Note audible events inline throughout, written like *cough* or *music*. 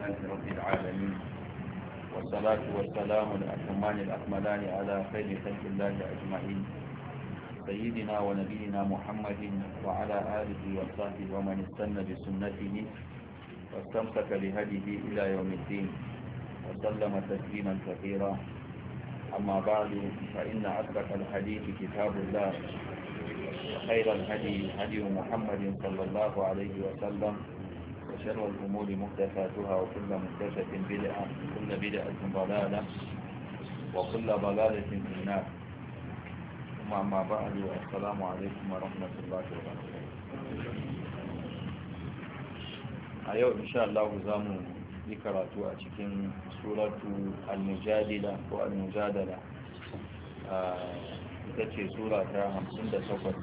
لله رب العالمين والصلاة والسلام الأكمان الأكملان على خير خلق الله أجمعين سيدنا ونبينا محمد وعلى آله وصحبه ومن استنى بسنته واستمسك بهديه إلى يوم الدين وسلم تسليما كثيرا أما بعد فإن أصدق الحديث كتاب الله وخير الهدي هدي محمد صلى الله عليه وسلم وشر الأمور محدثاتها وكل محدثة بدعة وكل بدعة ضلالة وكل ضلالة في النار ثم أما بعد السلام عليكم ورحمة الله وبركاته أيوة إن شاء الله زامو ذكرت أتكين سورة المجادلة والمجادلة ita ce sura ta 58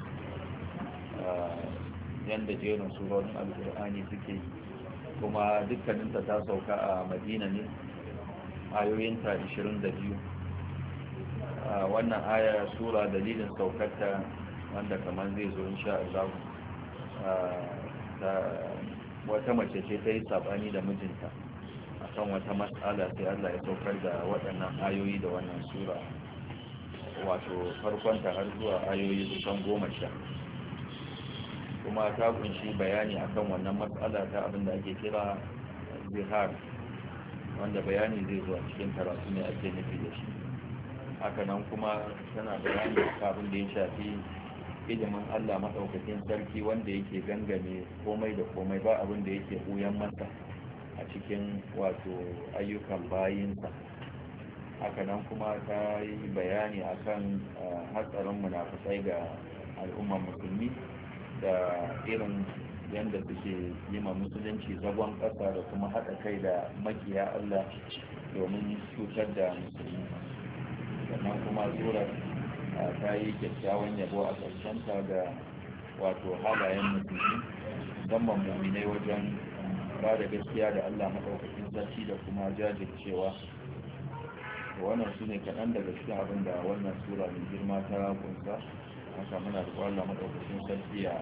yadda jerin surorin alkur'ani suke yi kuma dukkaninta ta sauka a madina ne ayoyinta 22 wannan aya sura dalilin saukarta wanda kamar zai zo insha Allah wata mace ce ta yi sabani da mijinta akan wata matsala sai Allah ya saukar da waɗannan ayoyi da wannan sura wato farkonta har zuwa ayoyi kusan goma sha kuma ta kunshi bayani akan wannan matsala ta abin da ake kira zihar wanda bayani zai zuwa cikin karatu ne ake nufi da shi hakanan kuma tana bayani abin da ya shafi ilimin allah maɗaukakin sarki wanda yake gangame komai da komai ba abin da yake ɓuyan masa a cikin wato ayyukan bayinsa hakanan kuma ta yi bayani akan eh, hatsarin munafukai ga al'ummar musulmi da irin yadda suke yi ma musulunci zagon ƙasa da kuma haɗa kai da makiya Allah domin cutar da musulmi sannan kuma surar ta yi kyakkyawan yabo a ƙarshenta ga wato halayen musulmi musamman muminai wajen ba da gaskiya da Allah maɗaukakin sarki da kuma jajircewa wannan su ne kaɗan daga cikin abin da wannan sura mai girma ta kunsa haka muna da kwallon maɗaukacin sarki a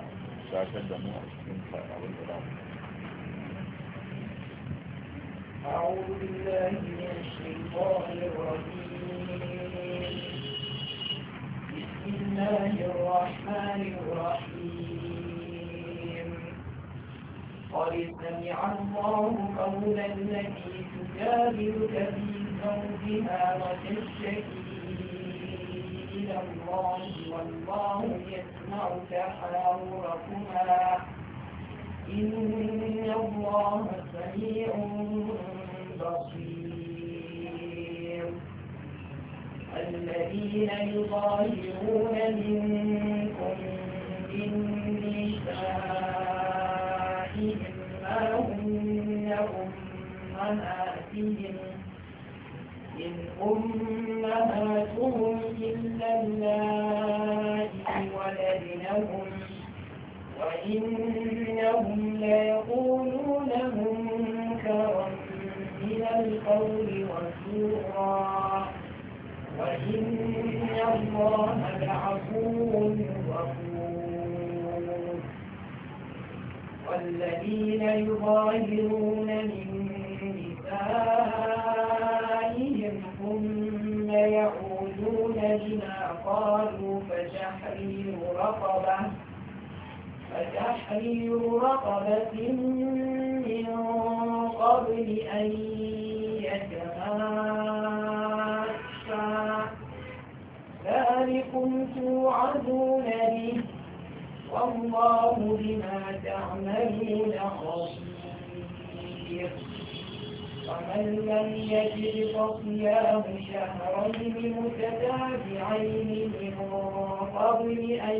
shakar da mu a cikin abin da za mu أعوذ بالله من الشيطان الرجيم بسم الله الرحمن الرحيم قد سمع الله قول التي تجادلك في زوجها وتشتكي إلى الله والله يسمع تحاوركما إن الله سميع بصير الذين يظاهرون منكم من نسائهم ما هن أمهاتهم إن أمهاتهم إلا اللائي ولدنهم وإنهم ليقولون منكرا من القول وزورا وإن الله لعفو غفور والذين يظاهرون من قالوا فتحرير رقبة فتحرير رقبة من قبل أن يتماسا ذلكم توعدون به والله بما تعملون خبير ومن لم يجد فصيام شهرين متتابعين من قبل أن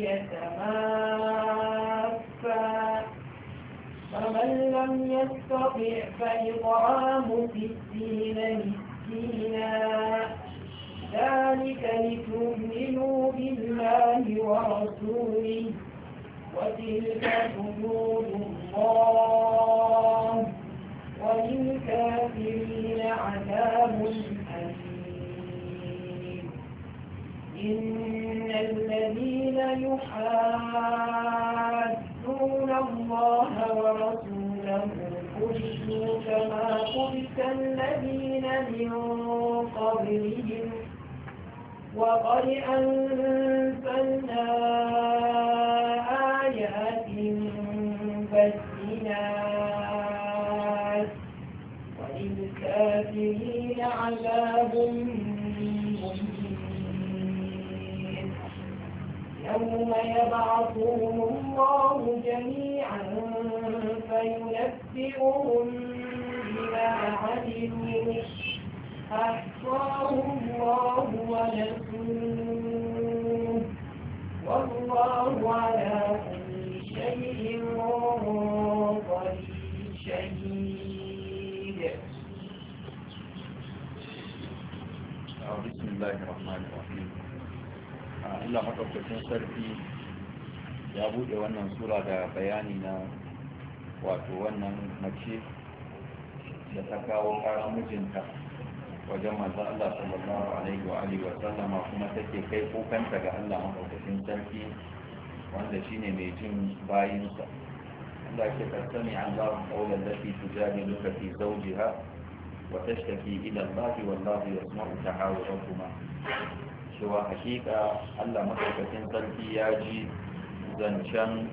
يتمافا فمن لم يستطع فإطعام ستين مسكينا ذلك لتؤمنوا بالله ورسوله وتلك حدود الله وللكافرين عذاب أليم إن الذين يحادون الله ورسوله كرهوا كما كرهت الذين من قبلهم وقد أنزلنا آيات بينات الكافرين يوم يبعثهم الله جميعا فينبئهم بما عملوا أحصاه الله ونسوه الله الرحمن Allah sarki ya buɗe wannan sura da bayani na wato wannan mace da ta kawo ƙarar mijinta wajen maza Allah sallallahu alaihi wa alihi wa sallama kuma take kai kokanta ga Allah maɗaukacin sarki wanda shine mai jin bayinsa Allah ke tattami Allah qawlan su tujadiluka lokaci zaujiha وتشتكي إلى الله والله يسمع تحاوركما cewa haƙiƙa Allah madaukakin sarki ya ji zancen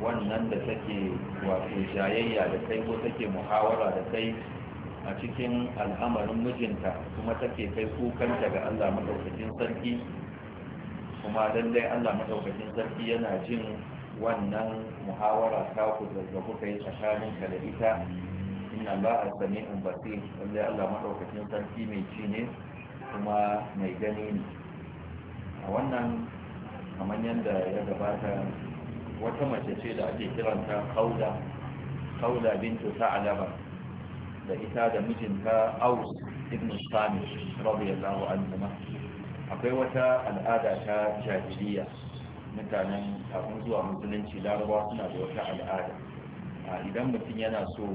wannan da take wato jayayya da kai ko take muhawara da kai a cikin al'amarin mijinta kuma take kai kukan daga Allah maɗaukakin sarki kuma lallai Allah maɗaukakin sarki yana jin wannan muhawara ta ku da kuka yi tsakaninka da ita inna allaha sami'un basir lalle Allah madaukakin sarki mai ci ne kuma mai gani ne a wannan kamar yadda ya gabata wata mace ce da ake kiranta kauda kauda bintu sa'alaba da ita da mijinta aus ibn sami radiyallahu anhu akwai wata al'ada ta jahiliya mutanen kafin zuwa musulunci larabawa suna da wata al'ada idan mutum yana so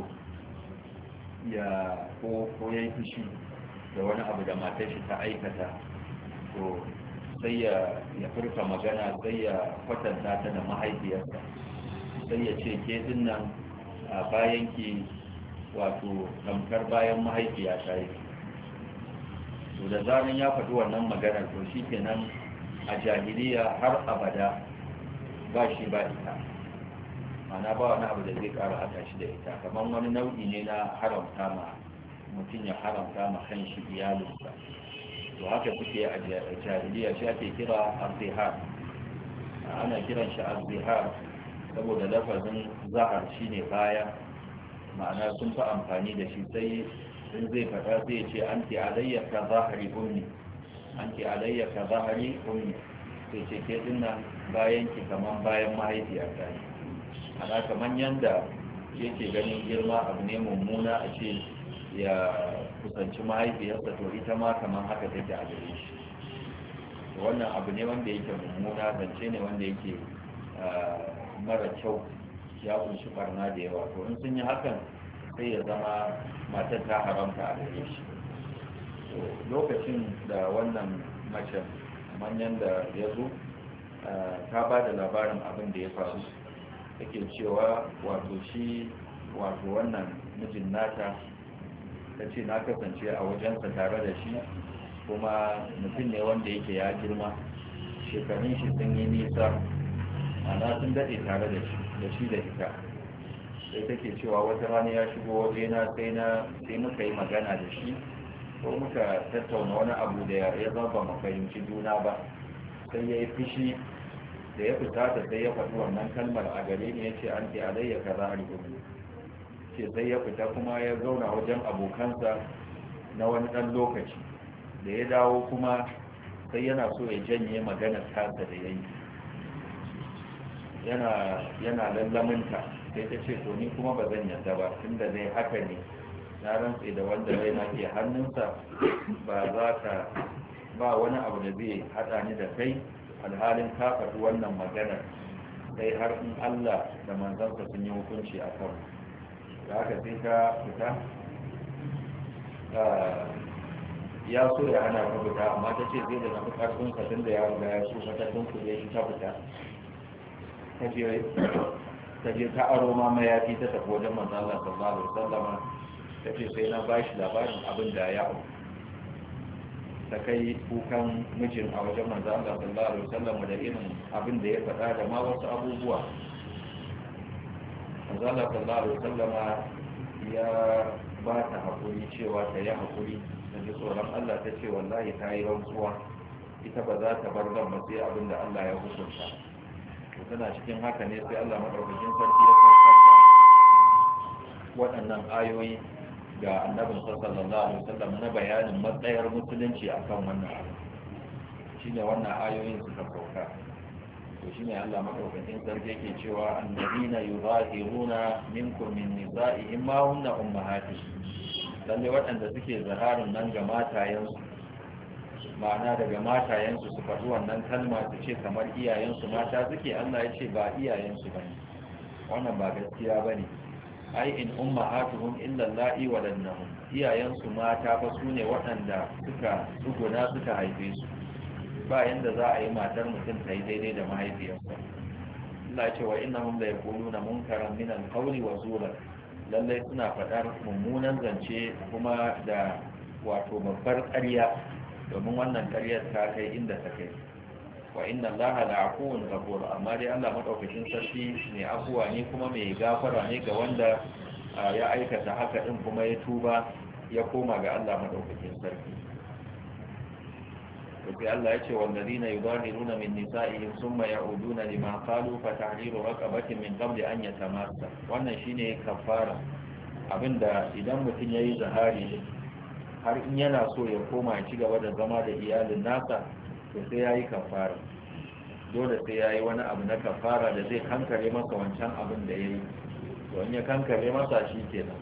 ya ko ya yi fushi da wani abu da matar shi ta aikata to sai ya furta magana sai ya kwatanta ta da mahaifiyarsa sai ya ce ke dinnan a bayan ki wato tamkar bayan mahaifiya ta yi to da zaran ya faɗi wannan maganar to shi kenan a jahiliya har abada ba shi ba ita mana ba wani abu da zai ƙara haka shi da ita kamar wani nau'i ne na haramta ma mutum ya haramta ma kan shi iyalinsa to haka suke a jahiliya shi ake kira arzihar ana kiran shi arzihar saboda lafazin zahar ne baya ma'ana sun fi amfani da shi sai in zai faɗa zai ce an ke alayya zahari ummi an ke zahari sai ce ke dinnan bayan ki kamar bayan mahaifiyar ta ne ana kamar yadda yake ganin girma abu ne mummuna a ce ya kusanci mahaifiyarsa to ita ma kaman haka take a gare shi wannan abu ne wanda yake mummuna zance ne wanda yake ah, mara kyau ya kunshi barna da yawa to in sun yi hakan sai ya zama matar ta haramta a gare shi lokacin da wannan mace manyan da ya zo ah, ta ba da labarin abin da ya faru take cewa wato shi wato wannan mijin nata ta ce na kasance a wajensa tare da shi kuma mutum ne wanda yake ya girma shekarun shi sun yi nisa ana sun daɗe tare da shi da ita sai take cewa wata rana ya shigo wajena sai na sai muka yi magana da shi ko muka tattauna wani abu da ya zaba mafahimci juna ba sai ya yi fushi da ya fita da sai ya faɗi wannan kalmar a gare ni ya ce an ke alayya za a rikumi ce sai ya fita kuma ya zauna wajen abokansa na wani ɗan lokaci da ya dawo kuma sai yana so ya janye maganar tasa da ya yi yana lallaminta sai ta ce to ni kuma ba zan yarda ba tun da zai haka ne na rantse da wanda zai na ke hannunsa ba za ta ba wani abu da zai haɗa ni da kai alhalin ta faɗi wannan maganar sai har in Allah da manzansa sun yi hukunci a kan da haka sai ka fita ah, ya so ya hana ka fita amma ta ce zai da na fitar sun fatin da ya riga ya so ta sun kuɗe shi ta fita ta je ta aro ma mayafi ta tafi wajen manzan Allah sallallahu alaihi wasallam ta ce sai na bashi labarin abin da ya auku ta kai kukan mijin a wajen manzo Allah sallallahu alaihi wasallam da irin abin da ya faɗa da ma wasu abubuwa manzo Allah sallallahu alaihi wasallam ya ba ta hakuri cewa ta yi hakuri da ji tsoron Allah ta ce wallahi ta yi rantsuwa ita ba za ta bar zan ba sai abin da Allah ya hukunta to tana cikin haka ne sai Allah madaukakin sarki ya saukar waɗannan ayoyi ga annabin sallallahu alaihi wasallam na bayanin matsayar musulunci akan wannan abu shine wannan ayoyin suka sauka to shine Allah madaukakin sarki yake cewa annabina yuzahiruna minkum min nisa'ihim ma hunna ummahatuhum lalle waɗanda suke zaharin nan ga matayensu ma'ana daga matayensu su faɗi wannan kalma su ce kamar iyayensu mata suke Allah ya ce ba iyayensu ba ne wannan ba gaskiya ba ne ai in Umma ummahatuhum illa la'i walannahum iyayensu mata ba su ne waɗanda suka tsuguna suka haife su ba yanda za a yi matar mutum ta yi daidai da mahaifiyarsa cewa ina wa da la yaquluna munkaran min minan wa zura lallai suna faɗar mummunan zance kuma da wato babbar ƙarya domin wannan ƙaryar ta kai inda ta kai wa inna allaha la afuwun amma dai Allah madaukakin sarki ne afuwa ne kuma mai gafara ne ga wanda ya aikata haka din kuma ya tuba ya koma ga Allah madaukakin sarki sai Allah ya ce wallazina yubadiluna min nisa'ihim thumma ya'uduna lima qalu fa tahriru raqabatin min qabli an yatamassa wannan shine kafara abinda idan mutum yayi zahari har in yana so ya koma ya ci gaba da zama da iyalin nasa to sai ya yi kafara dole sai ya yi wani abu na kafara da zai kankare masa wancan abin da ya yi to ya kankare masa shi ke nan?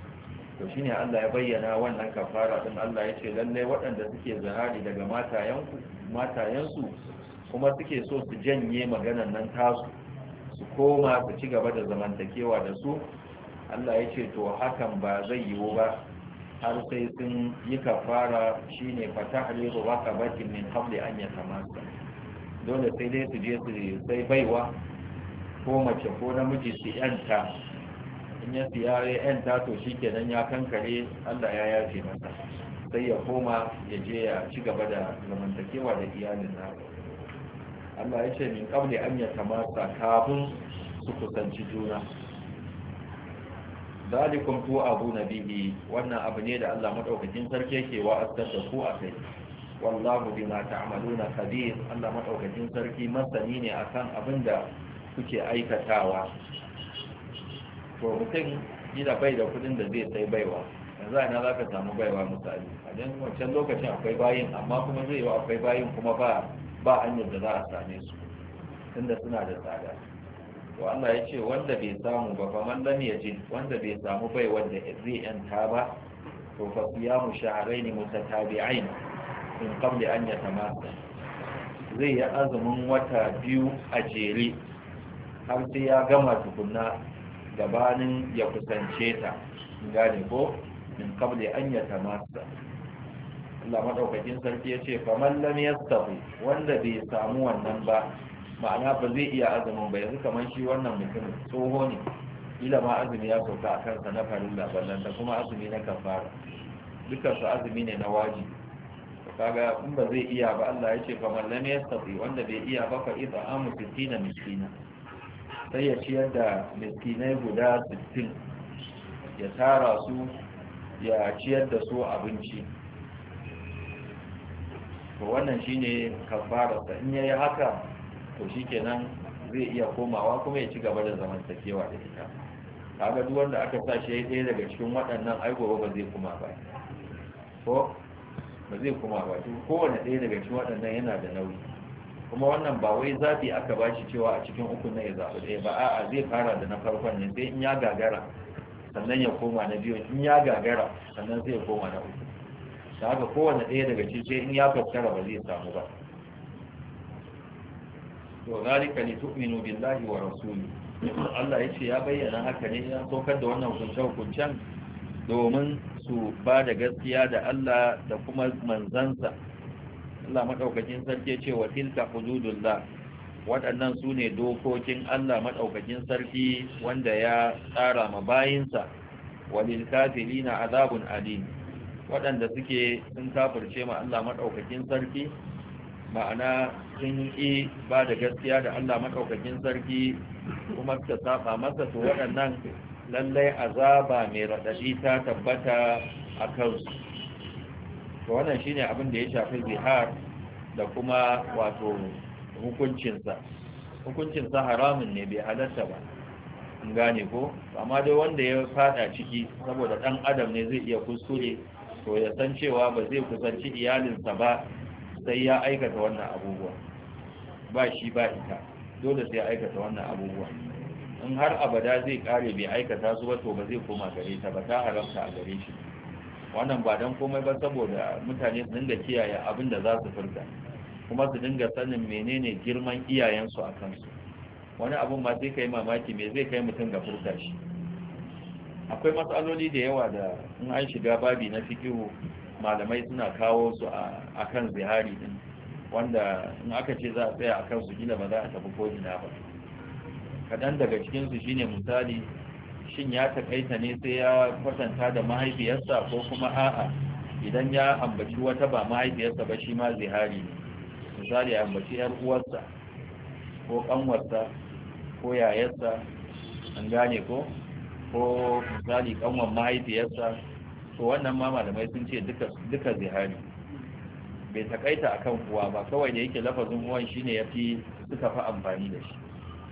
to shine Allah ya bayyana wannan kafara din Allah ya ce lalle waɗanda suke zahari daga matayensu kuma suke so su janye maganan nan tasu su koma su ci gaba da zamantakewa da su Allah ya ce to hakan ba zai yiwu ba har sai sun yi kafara shine fatahriru bakin min qabli an kamata dole sai dai su je su sai baiwa ko mace ko namiji su yanta in ya siya ya yanta to shi nan ya kankare Allah ya yafe masa sai ya koma ya je ya ci gaba da zamantakewa da iyalin na Allah ya ce min qabli an kamata kafin su kusanci juna zalikum tu abu nabihi wannan abu ne da Allah madaukakin sarki yake wa asdaka ku kai wallahu bima ta'maluna khabir Allah madaukakin sarki masani ne akan abin da kuke aikatawa to mutum gida bai da kudin da zai sai baiwa yanzu ina za ka samu baiwa misali a dan wancan lokacin akwai bayin amma kuma zai yi akwai bayin kuma ba ba hanyar da za a same su tunda suna da tsada to Allah ya ce wanda bai samu ba fa man lam yajid wanda bai samu bai wanda zai yanta ba to fa ya siyamu shahrayn mutatabi'ain in qabli an yatamassa zai yi azumin wata biyu a jere har sai ya gama tukunna gabanin ya kusance ta gane ko min qabli an yatamassa Allah madaukakin sarki ya ce fa man lam yastafi wanda bai samu wannan ba ma'ana ba zai iya azumin ba yanzu kamar shi wannan mutum tsoho ne ila ma azumi ya sauka a kansa na farin ballan da kuma azumi na kafara dukkan su azumi ne na waji kaga in ba zai iya ba Allah ya ce kamar lam yastati wanda bai iya ba fa idza amu 60 miskina sai ya ciyar da miskinai guda 60 ya tara su ya ciyar da su abinci to wannan shine kafararsa in yayi haka to shi kenan zai iya komawa kuma ya ci gaba da zaman sakewa da ita kaga duk wanda aka sa shi ɗaya daga cikin waɗannan ai gobe ba zai kuma ba ko ba zai kuma ba to kowanne ɗaya daga cikin waɗannan yana da nauyi kuma wannan ba wai zabi aka ba shi cewa a cikin uku ne ya zaɓi ɗaya ba a'a zai fara da na farkon ne sai in ya gagara sannan ya koma na biyu in ya gagara sannan zai koma na uku da haka kowane ɗaya daga cikin in ya fassara ba zai samu ba to zalika li tu'minu billahi wa rasuli Allah yace ya bayyana haka ne ya saukar da wannan hukuncin hukuncin? domin su ba da gaskiya da Allah da kuma manzansa Allah madaukakin sarki yace wa tilka hududullah waɗannan su ne dokokin Allah madaukakin sarki wanda ya tsara ma bayinsa walil kafirina azabun alim waɗanda suke sun kafirce ma Allah madaukakin sarki ma'ana sun yi ba da gaskiya da Allah makaukakin sarki kuma ta saba masa su waɗannan lallai azaba mai raɗaɗi ta tabbata a kansu to wannan shine abin da ya shafi zihar da kuma wato hukuncinsa hukuncinsa haramun ne bai halarta ba in gane ko amma dai wanda ya faɗa ciki saboda ɗan adam ne zai iya kuskure to ya san cewa ba zai kusanci iyalinsa ba sai ya aikata wannan abubuwa ba shi ba ita dole sai ya aikata wannan abubuwa in har abada zai kare bai aikata su ba to ba zai koma gare ta ba ta haramta a gare shi wannan ba don komai ba saboda mutane su dinga kiyaye abin da za su furta kuma su dinga sanin menene girman iyayensu a kansu wani abun ma sai kai mamaki me zai kai mutum ga furta shi akwai matsaloli da yawa da in an shiga babi na fikihu malamai suna kawo su a kan zihari din wanda in aka ce za a tsaya a kan su gina ba za a tafi gina ba kaɗan daga cikinsu shine misali shin ya takaita ne sai ya kwatanta da mahaifiyarsa ko kuma a'a idan ya ambaci wata ba mahaifiyarsa ba shi ma zihari ne misali ya ambaci yar uwarsa ko ƙanwarsa ko yayarsa an gane ko ko misali kanwar mahaifiyarsa to wannan ma malamai sun ce duka zihari bai takaita kan uwa ba kawai da yake lafazin uwan shine yafi suka fi amfani da shi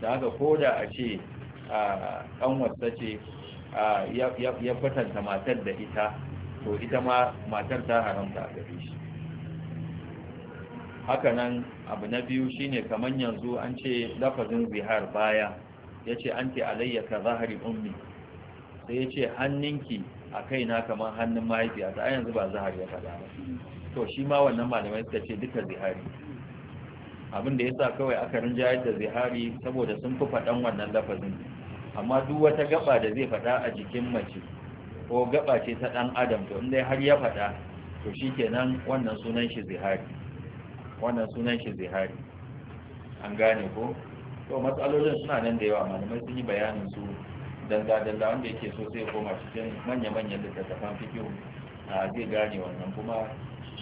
da haka koda a ce a wasa ce ya kwatanta matar da ita to ita ma matar ta haramta a gare shi Haka nan, abu na biyu shine kamar yanzu an ce lafazin zihar baya ya ce an te alayyaka zahari ummi sai ya ce hannunki a kaina kamar hannun mahaifi, a yanzu ba zahar ya faɗa ba to shi ma wannan malamai suka ce duka zihari abin da ya sa kawai aka rinjayar da zihari saboda sun fi faɗan wannan lafazin amma duk wata gaba da zai faɗa a jikin mace ko gaba ce ta ɗan adam to inda har ya faɗa to shi kenan wannan sunan shi zihari wannan sunan shi zihari an gane ko to matsalolin suna nan da yawa malamai sun yi bayanin su danga-danga wanda yake so sai koma cikin manya-manyan littattafan fikiyu a zai gane wannan kuma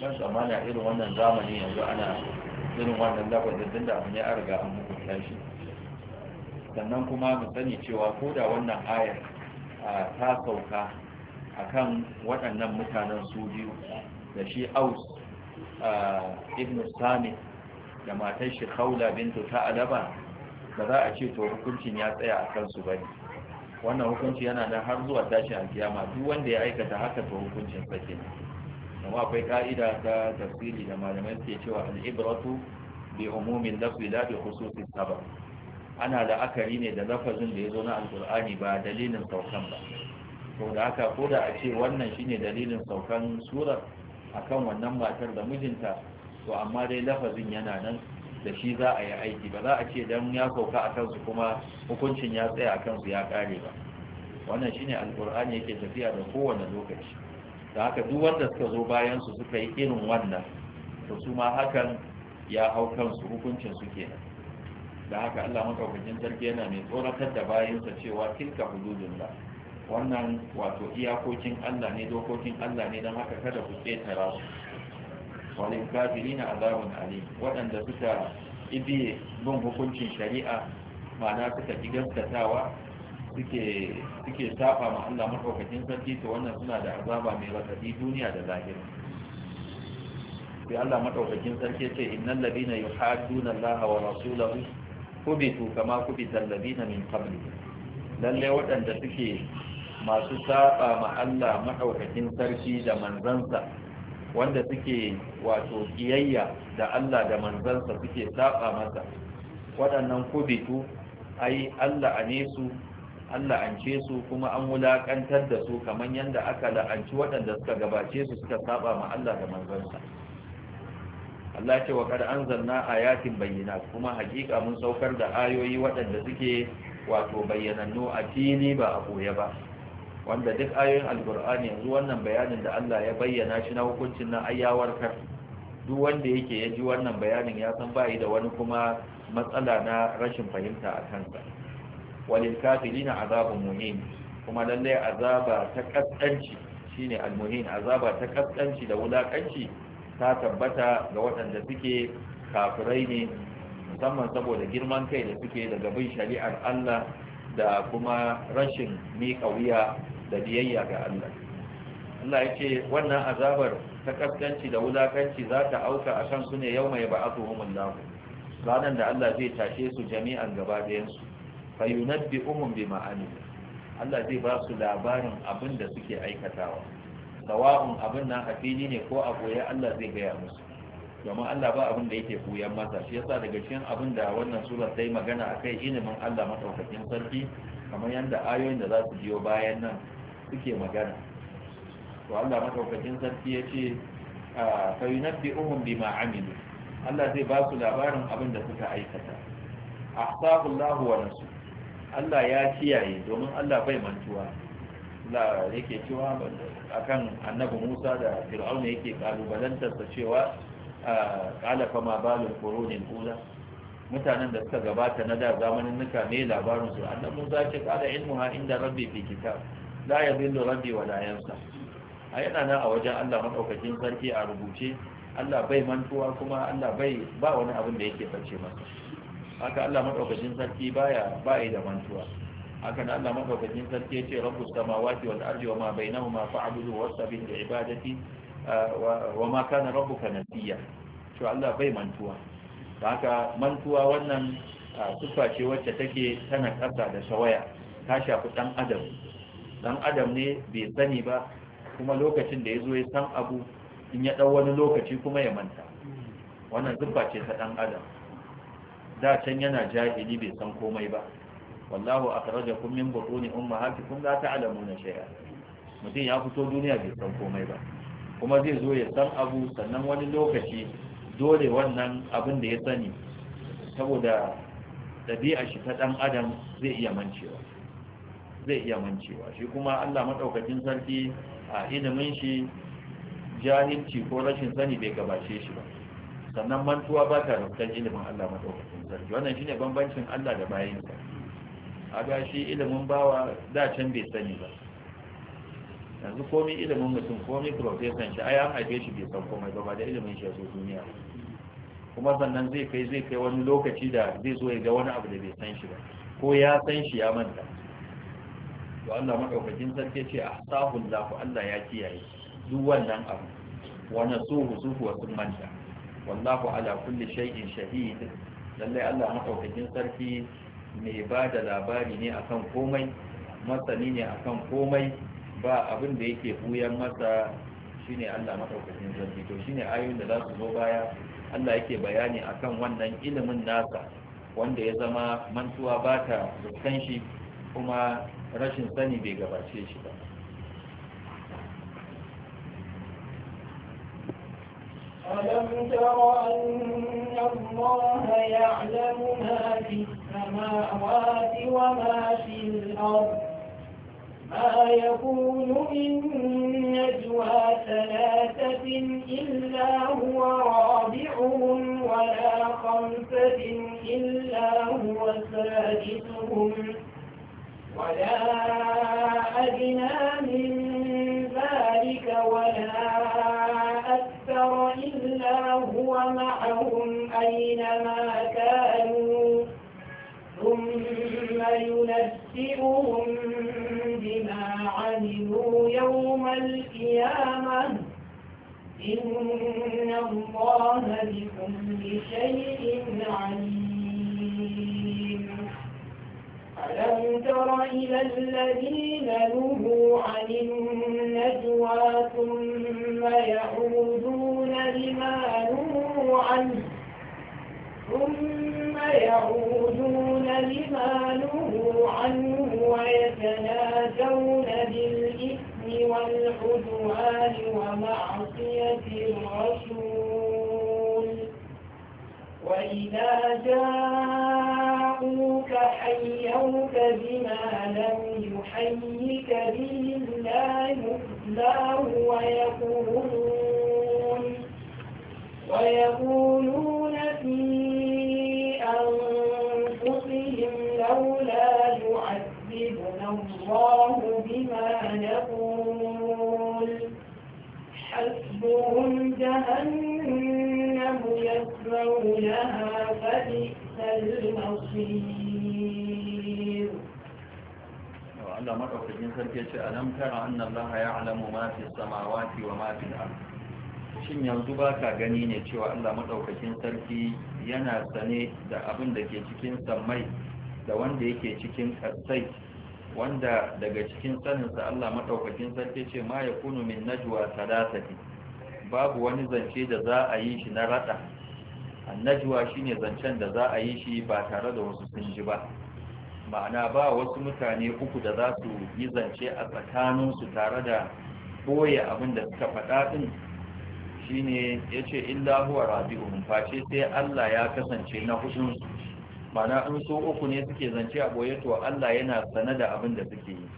ban tsammana irin wannan zamani yanzu ana irin wannan labarin, din da abin ya arga an hukunta shi sannan kuma mu sani cewa ko da wannan ayar ta sauka akan waɗannan mutanen su biyu da shi aus ibn sami da matar shi khawla bintu ta'alaba ba za a ce to hukuncin ya tsaya a kansu ne. wannan hukunci yana nan har zuwa tashin alkiyama duk wanda ya aikata haka to hukuncin sa kenan amma akwai ka'ida ta tafsiri da malamai suke cewa alibratu ibratu bi umumin lafzi la bi khususi sabab ana la'akari ne da lafazin da ya zo na alkur'ani ba dalilin saukan ba to da haka ko da a ce wannan shine dalilin saukan surar akan wannan matar da mijinta to amma dai lafazin yana nan da shi za a yi aiki ba za a ce don ya sauka a kansu kuma hukuncin ya tsaya a kansu ya kare ba wannan shine alkur'ani yake tafiya da kowane lokaci da haka duk wanda suka zo bayan su suka yi irin wannan to su ma hakan ya hau kansu hukuncin su kenan da haka Allah madaukakin sarki yana mai tsoratar da bayansa cewa tilka ba?" wannan wato iyakokin Allah ne dokokin Allah ne don haka kada ku ketara su walil kafirina azabun alim waɗanda suka ibi bin hukuncin shari'a ma'ana suka ki gaskatawa suke suke ma Allah madaukakin sarki to wannan suna da azaba mai radadi duniya da zahiri. sai Allah madaukakin sarki ce innal ladina yuhadduna Allah wa rasulahu kubitu kama kubita alladina min qabli lalle waɗanda suke masu saba ma Allah madaukakin sarki da manzansa wanda suke wato kiyayya da Allah da manzansa suke saba masa waɗannan kubitu ai Allah ane su Allah an la'ance su kuma an wulakantar da su kaman yadda aka la'anci waɗanda suka gabace su suka saba ma Allah da manzansa Allah ce wa kada anzalna ayatin bayyana kuma hakika mun saukar da ayoyi waɗanda suke wato bayyanannu a fili ba a koya ba wanda duk ayoyin alkur'ani yanzu wannan bayanin da Allah ya bayyana shi na hukuncin na ayyawar kar duk wanda yake ya ji wannan bayanin ya san bai da wani kuma matsala na rashin fahimta a kansa walil na azabun muhin kuma lallai azaba ta kaskanci shine almuhin azaba ta kaskanci da wulakanci ta tabbata ga waɗanda suke kafirai ne musamman saboda girman kai da suke daga bin shari'ar Allah da kuma rashin miƙa wuya da biyayya ga Allah Allah ya ce wannan azabar ta kaskanci da wulakanci za ta auka a kan su ne yau mai ba'atuhumun lahu ranar da Allah zai tashe su jami'an gaba ɗayansu fa yunabbi'uhum bima amilu Allah zai ba su labarin abinda da suke aikatawa sawa'un abin nan a fili ne ko a goye Allah zai gaya musu domin Allah ba abin da yake buyan masa shi yasa daga cikin abin da wannan sura ta yi magana kai ilimin Allah matsaukakin sarki kamar yadda ayoyin da za su biyo bayan nan suke magana to Allah matsaukakin sarki ya ce na fi yunabbi'uhum bima amilu Allah zai ba su labarin abin da suka aikata A Allah wa nasu Allah ya kiyaye domin Allah bai mantuwa la yake cewa akan annabi Musa da Fir'auna yake kalubalantar cewa kala fama balin koronin kula mutanen da suka gabata na da zamanin nuka ne labarin su annabi Musa ce kala ilmu ha inda rabbi fi kitab la yadhillu rabbi wa la yansa a yana nan a wajen Allah madaukakin sarki a rubuce Allah bai mantuwa kuma Allah bai ba wani abin da yake bace masa haka Allah madaukakin sarki baya yi da mantuwa haka na Allah madaukakin sarki yace rabbus samawati wal ardi wa ma bainahuma fa'budu wastabil ibadati wa ma kana rabbuka nasiya to Allah bai mantuwa haka mantuwa wannan sifa ce wacce take tana ƙasa da shawaya ta shafi ɗan adam ɗan adam ne bai sani ba kuma lokacin da yazo zo ya san abu in ya ɗau wani lokaci kuma ya manta wannan sifa ce ta ɗan adam da can yana jahili bai san komai ba wallahu akhrajakum min butuni ummahatikum la ta'lamuna shay'a mutum ya fito duniya bai san komai ba kuma zai zo ya san abu sannan wani lokaci dole wannan abin da ya sani saboda ɗabi'a shi ta ɗan adam zai iya mancewa zai iya mancewa shi kuma allah maɗaukacin sarki a ilimin shi jahilci ko rashin sani bai gabace shi ba sannan mantuwa ba ta rufkar ilimin allah maɗaukacin sarki wannan shi ne bambancin allah da bayansa a shi ilimin bawa da can bai sani ba yanzu komi ilimin mutum komi profesan shi ai an haife shi bai san komai ba ba da ilimin shi ya zo duniya kuma sannan zai kai zai kai wani lokaci da zai zo ya ga wani abu da bai san shi ba ko ya san shi ya manta to Allah madaukakin sarki ce a ahsahu Allah Allah ya kiyaye duk wannan abu wani suhu suhu wa sun manta wallahu ala kulli shay'in shahid lallai Allah madaukakin sarki mai ba da labari ne akan komai masani ne akan komai ba abin da yake huyan masa shine Allah madaukakin sarki to shine ayoyin da za su zo baya Allah yake bayani akan wannan ilimin nasa wanda ya zama mantuwa ba ta zukan shi kuma rashin sani bai gabace shi ba ألم تر أن الله يعلم ما في السماوات وما في الأرض ما يكون من نجوى ثلاثة إلا هو رابعهم ولا خمسة إلا هو سادسهم ولا أدنى من ذلك ولا أكثر إلا هو معهم أينما كانوا ينبئهم بما عملوا يوم القيامة إن الله بكل شيء عليم ألم تر إلى الذين نهوا عن النجوى ثم يعودون لما نهوا عنه ثم يعودون لما نهوا عنه ويتناجون بالإثم والعدوان ومعصية الرسول وإذا جاءوك حيوك بما لم يحيك به الله الله ويقولون ويقولون في الله بما يقول حسبهم جهنم يسرونها فبئس المصير Allah maɗaukakin sarki ce a nan tara annan laha ya alamu mafi samawati wa mafi al'adu shin yanzu ba ka gani ne cewa Allah maɗaukakin sarki yana sane da abin da ke cikin samai da wanda yake cikin ƙasai wanda daga cikin saninsa Allah maɗaukakin sarki ce ma ya kunu min najwa sadatati babu wani zance da za a yi shi na raɗa annajwa shine zancen da za a yi shi ba tare da wasu sun ji ba ma'ana ba wasu mutane uku da za su yi zance a tsakaninsu tare da ɓoye abin da suka faɗa ɗin shine ya ce illa huwa rabi'uhum face sai Allah ya kasance na hudunsu mana an so uku ne suke zance a boye to Allah yana sane da abin da suke yi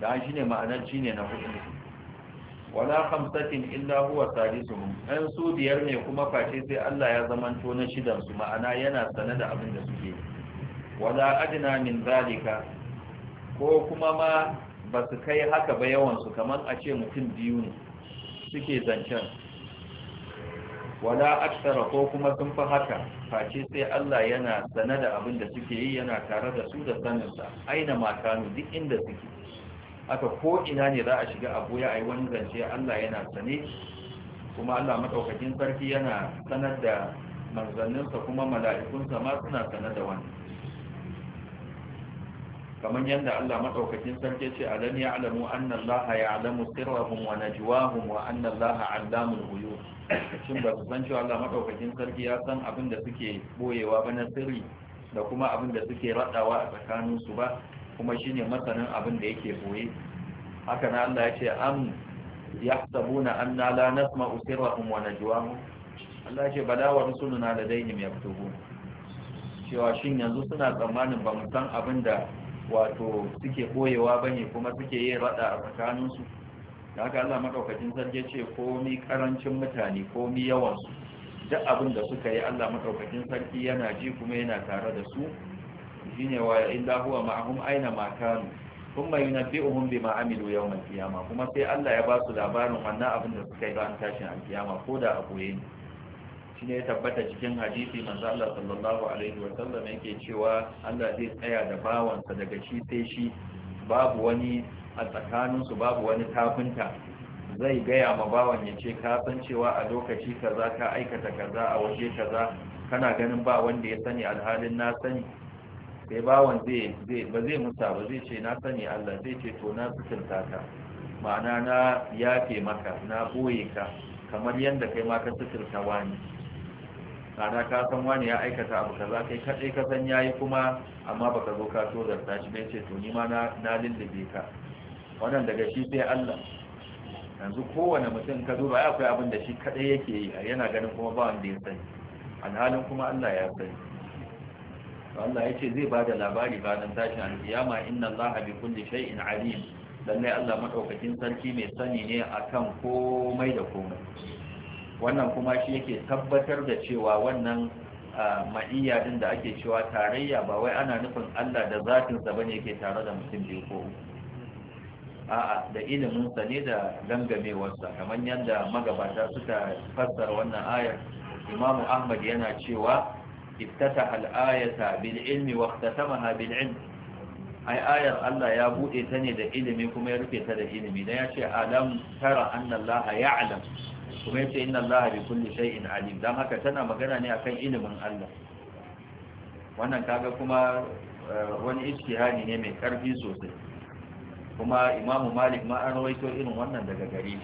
da shi ne ma'anar shi ne na hudu wala khamsatin illa huwa Salisu an so biyar ne kuma face sai Allah ya zamanto na shidan su ma'ana yana sane da abin da suke yi wala adna min zalika ko kuma ma ba su kai haka ba yawan su kamar a ce mutum biyu ne suke zancen wala aksara ko kuma sun fi haka face sai Allah yana sane da abin da suke yi yana tare da su da saninsa aina makanu duk inda suke aka ko ina ne za a shiga abu ya yi wani zance Allah yana sane kuma Allah madaukakin sarki yana sanar da manzanninsa kuma mala'ikunsa ma suna sane da wani. kaman yadda Allah madaukakin sarki ce alam ya'lamu anna Allah ya'lamu sirrahum wa najwahum wa anna Allah 'allamul ghuyub shin ba su san cewa Allah madaukakin sarki ya san abin da suke boyewa ba na sirri da kuma abin da suke radawa a tsakanin su ba kuma shine masanin abin da yake boye haka na Allah ya ce am yahsabuna anna la nasma'u sirrahum wa najwahum Allah ya ce bala wa rusuluna ladaihim yaktubun cewa shin yanzu suna tsammanin ba mu san abin da wato suke boyewa bane kuma suke yin rada a tsakaninsu da haka Allah madaukakin sarki ce komi karancin mutane komi yawan su duk abin da suka yi Allah makaukacin sarki yana ji kuma yana tare da su ne wa inda huwa ma'ahum aina ma kanu kuma bi ma'amilu yau mai kiyama kuma sai Allah ya ba su labarin wannan abin da suka yi an tashin alkiyama ko da a koye ne shi ne ya tabbata cikin hadisi manzo Allah sallallahu alaihi wa sallam yake cewa Allah zai tsaya da bawansa daga shi sai shi babu wani a tsakanin su babu wani tafinta zai gaya ma bawan ya ce ka san cewa a lokaci kaza ka aikata kaza a waje kaza kana ganin ba wanda ya sani alhalin na sani sai bawan zai ba zai musa ba zai ce na sani Allah zai ce to na sutunta ka ma'ana na yafe maka na boye ka kamar yadda kai ma ka sutunta wani kana ka san wani ya aikata abu kaza kai kadai ka san yayi kuma amma baka zo ka so da tashi bai ce to ni ma na na lindibe ka wannan daga shi sai Allah yanzu kowane mutum ka duba akwai abin da shi kadai yake yi yana ganin kuma ba wanda ya sani alhalin kuma Allah ya sani Allah ya ce zai ba da labari bayan tashin alkiyama inna Allah bi kulli shay'in alim lalle Allah madaukakin sarki mai sani ne akan komai da komai wannan kuma shi yake tabbatar da cewa wannan ma'iyya din da ake cewa tarayya ba wai ana nufin Allah da zatinsa bane yake tare da mutum biyu ko a'a da ilimin ne da gangamewarsa kamar yadda magabata suka fassara wannan ayar Imam Ahmad yana cewa iftata al-ayata bil ilmi wa ikhtatamaha bil ilm ai ayar Allah ya bude ta ne da ilimi kuma ya rufe ta da ilimi dan ya ce alam tara anna Allah ya'lam kuma yace inna allaha bi kulli shay'in alim dan haka tana magana ne akan ilimin Allah wannan kaga kuma eh, wani ijtihadi ne mai karfi sosai kuma imamu malik ma an rawaito irin wannan daga gare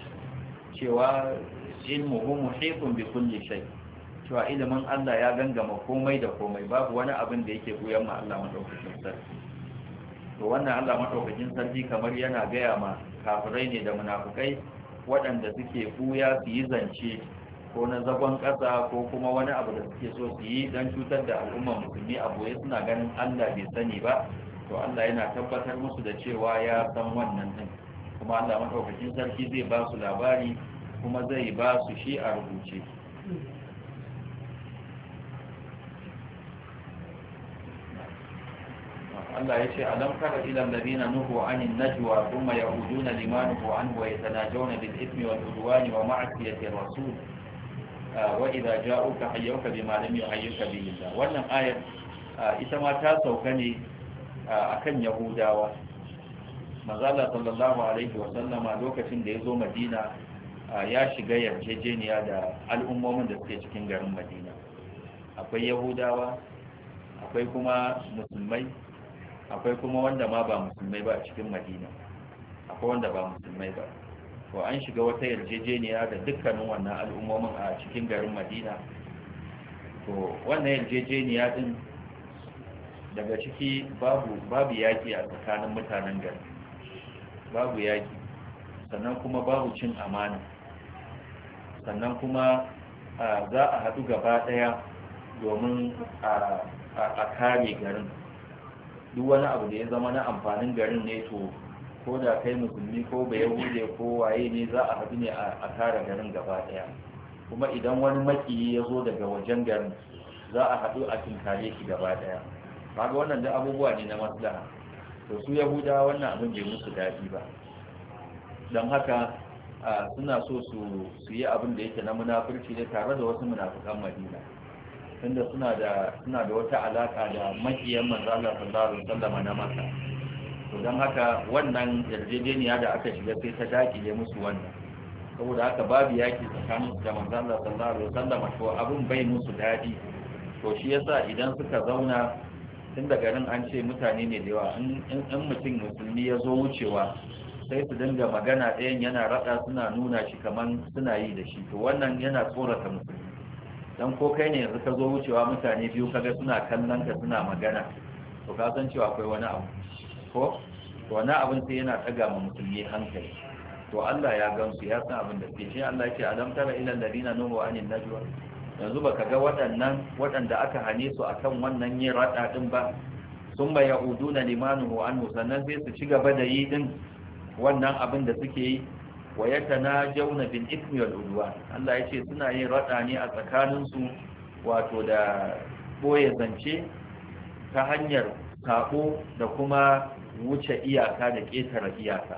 shi cewa hu muhiqun bi kulli shay cewa ilimin Allah ya gangama komai da komai babu wani abin da yake buyan ma Allah madaukakin sarki to wannan Allah madaukakin sarki kamar yana gaya ma kafirai ne da munafukai waɗanda suke buya su yi zance ko na zagon ƙasa ko kuma wani abu da suke so su yi don cutar da al'ummar musulmi a boye suna ganin allah bai sani ba to allah yana tabbatar musu da cewa ya san wannan din kuma allah maɗaukakin sarki zai ba su labari kuma zai ba su shi a rubuce Allah ya ce alam tara ila ladina nuhu anin najwa thumma ya'uduna lima nuhu an wa yatanajuna bil ithmi wal udwani wa ma'siyati rasul uh, wa ja'uka hayyuka bima lam yuhayyuka illa wannan ayar uh, ita ma ta sauka ne uh, akan yahudawa mazala sallallahu alaihi wa sallama lokacin da ya zo madina ya shiga yarjejeniya da al'ummomin da suke cikin garin madina akwai yahudawa akwai kuma musulmai akwai kuma wanda ma ba musulmai ba a cikin madina akwai wanda ba musulmai ba to an shiga wata yarjejeniya da dukkanin wannan al'ummomin a cikin garin madina to wannan yarjejeniya din daga ciki babu babu yaki a tsakanin mutanen gari babu yaki sannan kuma babu cin amana sannan kuma za a haɗu gaba ɗaya domin a kare garin duk wani abu da ya zama na amfanin garin ne to ko da kai musulmi ko bai hude ko waye ne za a haɗu ne a tara garin gaba ɗaya kuma idan wani makiyi ya zo daga wajen garin za a haɗu a tunkare shi gaba ɗaya kaga wannan da abubuwa ne na maslaha to su yahuda wannan abin bai musu daɗi ba don haka suna so su yi abin da yake na munafurci ne tare da wasu munafukan madina tunda suna da suna da wata alaka da makiyan manzo Allah sallallahu alaihi wasallam na maka to dan haka wannan yarjejeniya da aka shiga sai ta dakile musu wannan saboda haka babu yaki tsakanin da manzo Allah sallallahu alaihi wasallam to abun bai musu dadi to shi yasa idan suka zauna tun daga nan an ce mutane ne da yawa in mutum musulmi ya zo wucewa sai su dinga magana ɗayan yana raɗa suna nuna shi kaman suna yi da shi to wannan yana tsorata musulmi don ko kai ne yanzu ka zo wucewa mutane biyu kaga suna kallon ka suna magana to ka san cewa akwai wani abu ko to wani abin sai yana tsaga ma musulmi hankali to Allah ya gamsu, ya san abin da ke shi Allah ya ce alam tara ila alladina nuhu anin najwa yanzu baka ga waɗannan waɗanda aka hane su akan wannan yin rada din ba sun ba ya'uduna limanuhu anhu sannan sai su ci gaba da yi din wannan abin da suke yi wa yatanajawna bil ithmi wal udwan Allah yace suna yin raɗa ne a tsakanin su wato da boye zance ta hanyar sako da kuma wuce iyaka da ƙetare iyaka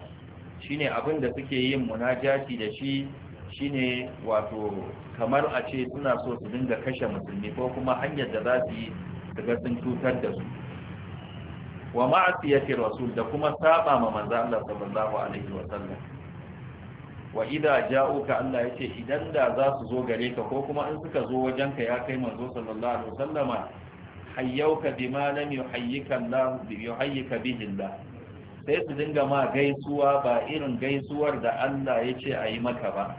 shine abin da suke yin munajati da shi shine wato kamar a ce suna so su dinga kashe musulmi ko kuma hanyar da za su yi daga sun cutar da su wa ma'asiyati rasul da kuma saba ma manzo Allah sallallahu alaihi wa sallam wa idza ja'uka Allah yace idan da za su zo gare ka ko kuma in suka zo wajenka ya kai manzo sallallahu alaihi wasallama hayyuka bima lam yuhayyika Allah bi yuhayyika bihi Allah sai su dinga ma gaisuwa ba irin gaisuwar da Allah yace ayi maka ba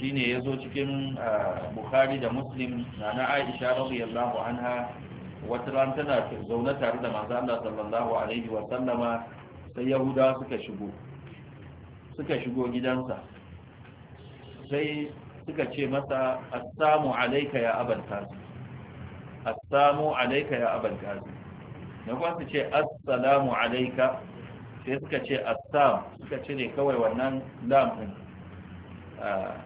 shine yazo cikin ah, Bukhari da Muslim na Aisha radiyallahu anha wata ran tana zaune tare da manzo Allah sallallahu alaihi wasallama sai Yahuda suka shigo suka shigo gidansa sai suka ce masa assamu alaika ya abal qasim assamu alaika ya abal qasim Na kuma su ce assalamu alaika sai suka ce assam suka ce ne kawai wannan lam din ah,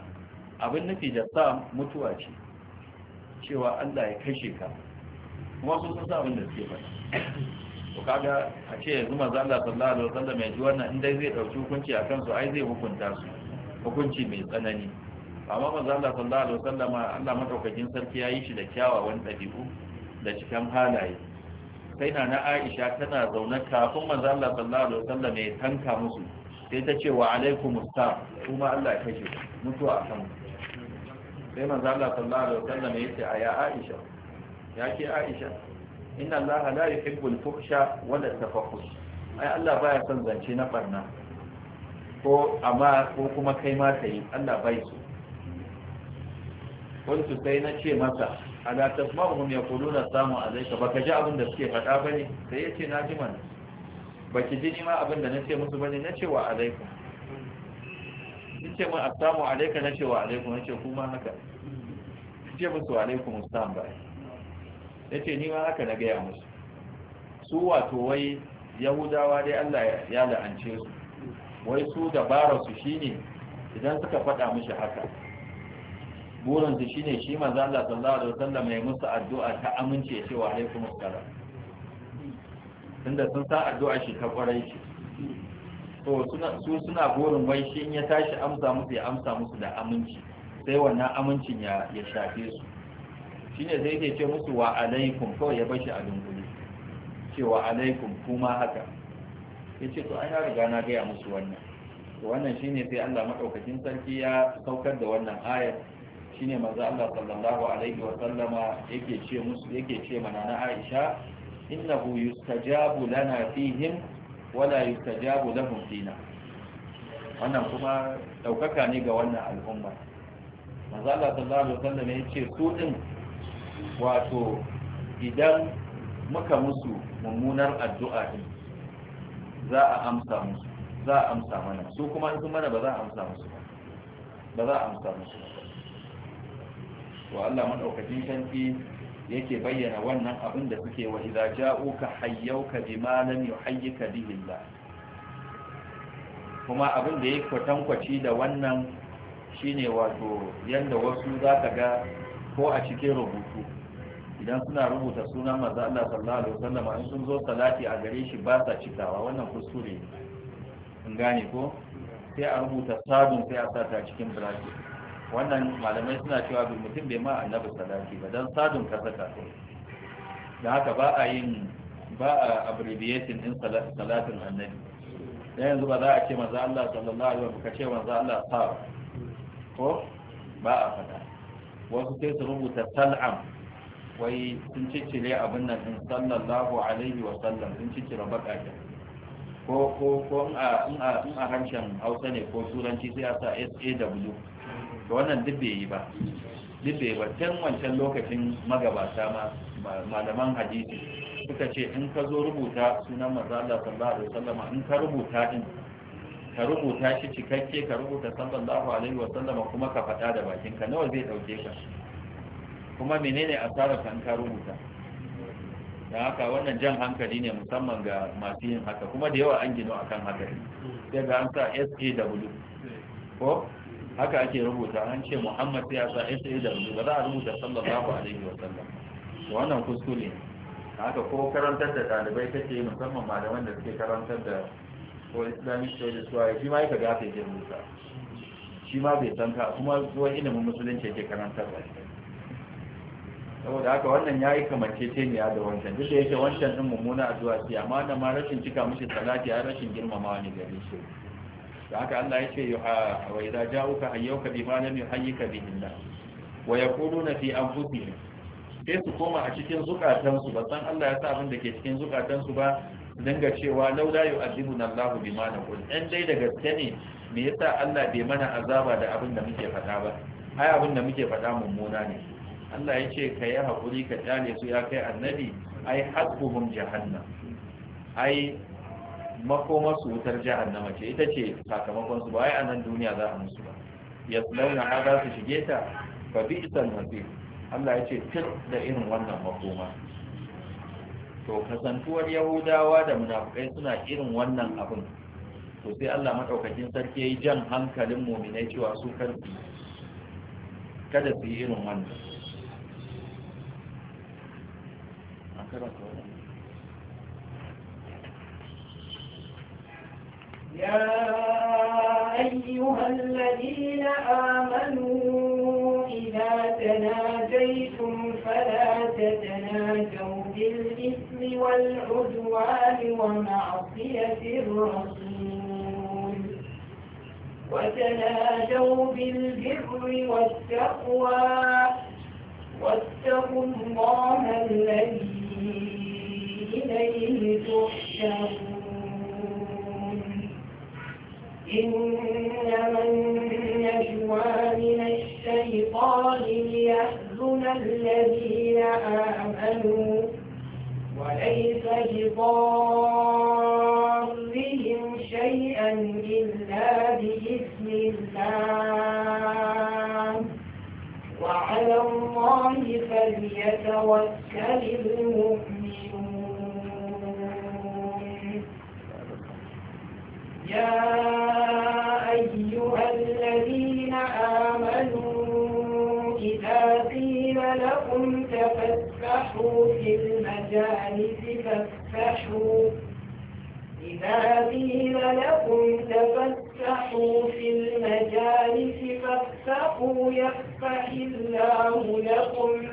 abin nufi da sam mutuwa ce cewa Allah ya kashe ka kuma sun san abin da suke faɗa to kaga a ce yanzu manzo Allah sallallahu alaihi wasallam ya ji wannan in dai zai dauki hukunci a kansu, ai zai hukunta su hukunci mai tsanani amma manzo Allah sallallahu alaihi wasallam Allah madaukakin sarki yayi shi da kyawawan dabi'u da cikan halaye sai na na Aisha tana zaune kafin manzo Allah sallallahu alaihi wasallam ya tanka musu sai ta ce wa alaikum salam kuma Allah ya kashe mutu akan mu sai manzo Allah sallallahu alaihi wasallam yace aya Aisha yake Aisha inna allaha la al fuhsha wala tafakhus ai Allah baya son zance na barna ko amma ko kuma kai ma kai Allah bai so kuntu sai na ce masa ala tasma'uhum yaquluna samu alayka baka ji abin da suke faɗa bane sai yace na ji man baki ji ma abin da nace musu bane nace wa alaikum nace mun assalamu alayka nace wa alaikum nace kuma haka nace musu alaikum assalam bai ce ni ma haka na gaya musu su wato wai yahudawa dai Allah ya la'ance su wai su dabara su shine idan suka faɗa mishi haka burin su shine shi manzo Allah sallallahu alaihi wasallam ya musu addu'a ta amince cewa alaikum assalam tunda sun san addu'a shi ta kwarai shi. to su suna burin wai shi ya tashi amsa musu ya amsa musu da aminci sai wannan amincin ya shafe su shi sai yake ce musu wa alaikum kawai ya bashi a ce wa alaikum kuma haka Ya ce to ai na riga na gaya musu wannan to wannan ne sai Allah madaukakin sarki ya saukar da wannan Shi ne manzo Allah sallallahu alaihi wa sallama yake ce musu yake ce mana na Aisha innahu yustajabu lana fihim wala yustajabu lahum fina wannan kuma daukaka ne ga wannan al'umma manzo Allah sallallahu alaihi wa sallama yace su din wato idan muka musu mummunar addu'a din za a amsa musu za a amsa mana su kuma in sun mana ba za a amsa musu ba za a amsa musu ba to Allah madaukakin sarki yake bayyana wannan abin da suke wa idza ja'uka hayyuka bi lam yuhayyika bihi Allah kuma abin da yake kwatankwaci da wannan shine wato yanda wasu za ka ga ko a cikin rubutu idan suna rubuta sunan Maza Allah sallallahu alaihi wasallam in sun zo salati a gare shi ba sa cikawa wannan kuskure in gane ko sai a rubuta sabon sai a sata cikin bracket wannan malamai suna cewa bi mutum bai ma annabi salati ba dan sabon ka saka to dan haka ba a yin ba a abbreviating din salatin annabi dan yanzu ba za a ce Maza Allah sallallahu alaihi wasallam ka ce Maza Allah sa ko ba a fada wasu sai su rubuta sal'am wai sun ciccire abin nan din sallallahu alaihi wa sallam sun ciccire baƙaƙe ko ko ko in a harshen Hausa ne ko Turanci sai a sa SAW da wannan duk bai yi ba duk bai ba can wancan lokacin magabata ma malaman hadisi suka ce in ka zo rubuta sunan manzo Allah sallallahu alaihi wa sallama in ka rubuta din ka rubuta shi cikakke ka rubuta sallallahu alaihi wa sallama kuma ka faɗa da bakinka nawa zai ɗauke ka kuma menene asarar kan ka rubuta Da haka wannan jan hankali ne musamman ga masu yin haka kuma da yawa an gino akan haka sai ga an sa SAW ko haka ake rubuta an ce Muhammad sai ya sa SAW ba za a rubuta sallallahu alaihi wa sallam to wannan kuskure haka ko karantar da ɗalibai kake musamman malaman da suke karantar da ko islamic studies waye shi ma yake gafe jirgin je shi ma bai san ka kuma zuwa ilimin musulunci yake karanta ba saboda haka wannan ya yi kamance kamanceceniya da wancan duk da yake wancan din mummuna a zuwa ce amma da ma rashin cika mishi salati ya rashin girmamawa ne gari shi da haka Allah ya ce yuha wa idza ja'uka hayyuka bi bima lam yuhayyika bihi Allah wa yaquluna fi anfusihim sai su koma a cikin zukatansu ba san Allah ya sa abin da ke cikin zukatansu ba dinga cewa laula yu'adhibuna Allahu bima naqul in dai da gaske ne me yasa Allah bai mana azaba da abin da muke faɗa ba ai abin da muke faɗa mummuna ne Allah yace ce ka yi ka tsane su ya kai annabi ai hasbuhum jahannam ai makoma su wutar jahannama ce ita ce sakamakon su ba ai a nan duniya za a musu ba yaslauna ha za su shige ta fa bi'sal masir Allah yace ce da irin wannan makoma to kasantuwar yahudawa da munafukai suna irin wannan abin to sai Allah madaukakin sarki yayi jan hankalin mu'minai cewa su kan kada su yi irin wannan يا أيها الذين والعدوان ومعصية الرسول وتناجوا بالبر والتقوى واتقوا الله الذي إليه تحشرون إنما النجوى من الشيطان ليحزن الذين آمنوا وليس لضارهم شيئا إلا بإذن الله وعلى الله فليتوكل المؤمنون يا أيها الذين آمنوا إذا قيل لكم تفتحوا في الجانب فافتحوا إذا قيل لكم تفتحوا في المجالس فافتحوا يفتح الله لكم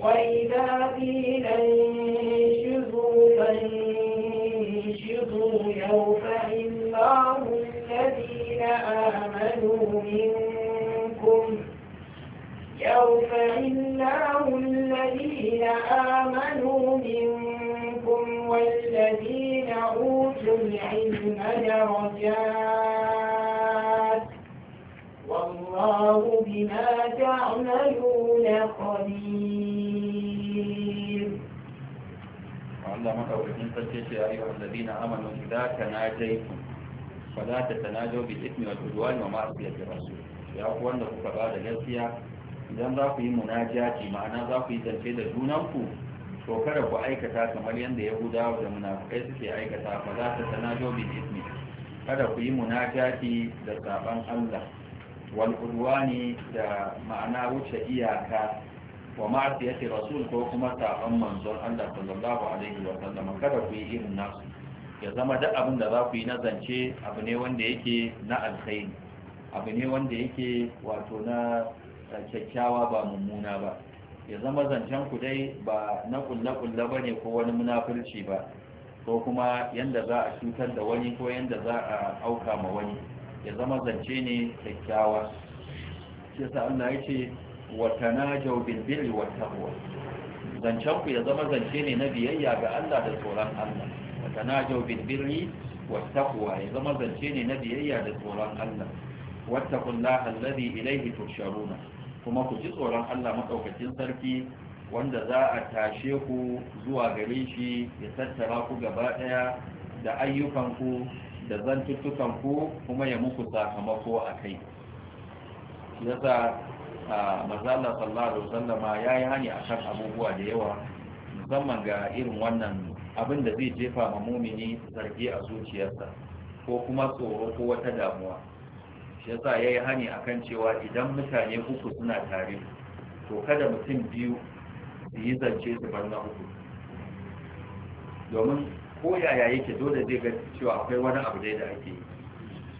وإذا قيل انشزوا فانشزوا يرفع الله الذين آمنوا منكم يغفر الله الذين آمنوا منكم والذين أوتوا العلم درجات والله بما تعملون خبير Allah madaukakin sarki ce ayyuhal ladina amanu idza tanajaytum fala tatanajaw bil ithmi wal udwan wa ma'siyati rasul ya ku wanda kuka ba da gaskiya idan za ku yi munajati ma'ana za ku yi zance da junanku to kada ku aikata kamar yadda ya yahudawa da munafukai suke aikata ba za ta tanajo bil ismi kada ku yi munajati da saban Allah wal ne da ma'ana wuce iyaka wa ma'asiyati rasul ko kuma saban manzon Allah sallallahu alaihi wa sallam kada ku yi irin nasu ya zama duk abin da za ku yi na zance abu ne wanda yake na alkhairi abu ne wanda yake wato na kyakkyawa ba mummuna ba ya zama zancen ku dai ba na kulle-kulle ba ne ko wani munafurci ba ko kuma yadda za a cutar da wani ko yadda za a auka ma wani ya zama zance ne kyakkyawa shi yasa Allah ya ce Wata na bil birri wat taqwa zancen ku ya zama zance ne na biyayya ga Allah da tsoron Allah Wata na bil birri wat taqwa ya zama zance ne na biyayya da tsoron Allah wattaqullaha alladhi ilayhi tusharuna kuma ku ji tsoron Allah maɗaukacin sarki wanda za a tashe ku zuwa gare shi ya tattara ku gaba ɗaya da ayyukanku da zantuttukanku kuma ya muku sakamako a kai yasa mazala sallallahu alaihi ya yi hani akan abubuwa da yawa musamman ga irin wannan abin da zai jefa ma mumini zargi a zuciyarsa ko kuma tsoro ko wata damuwa shi ya yi hani a kan cewa idan mutane uku suna tare to kada mutum biyu su yi zance su bar na uku domin ko yaya yake dole zai ga cewa akwai wani abu dai da ake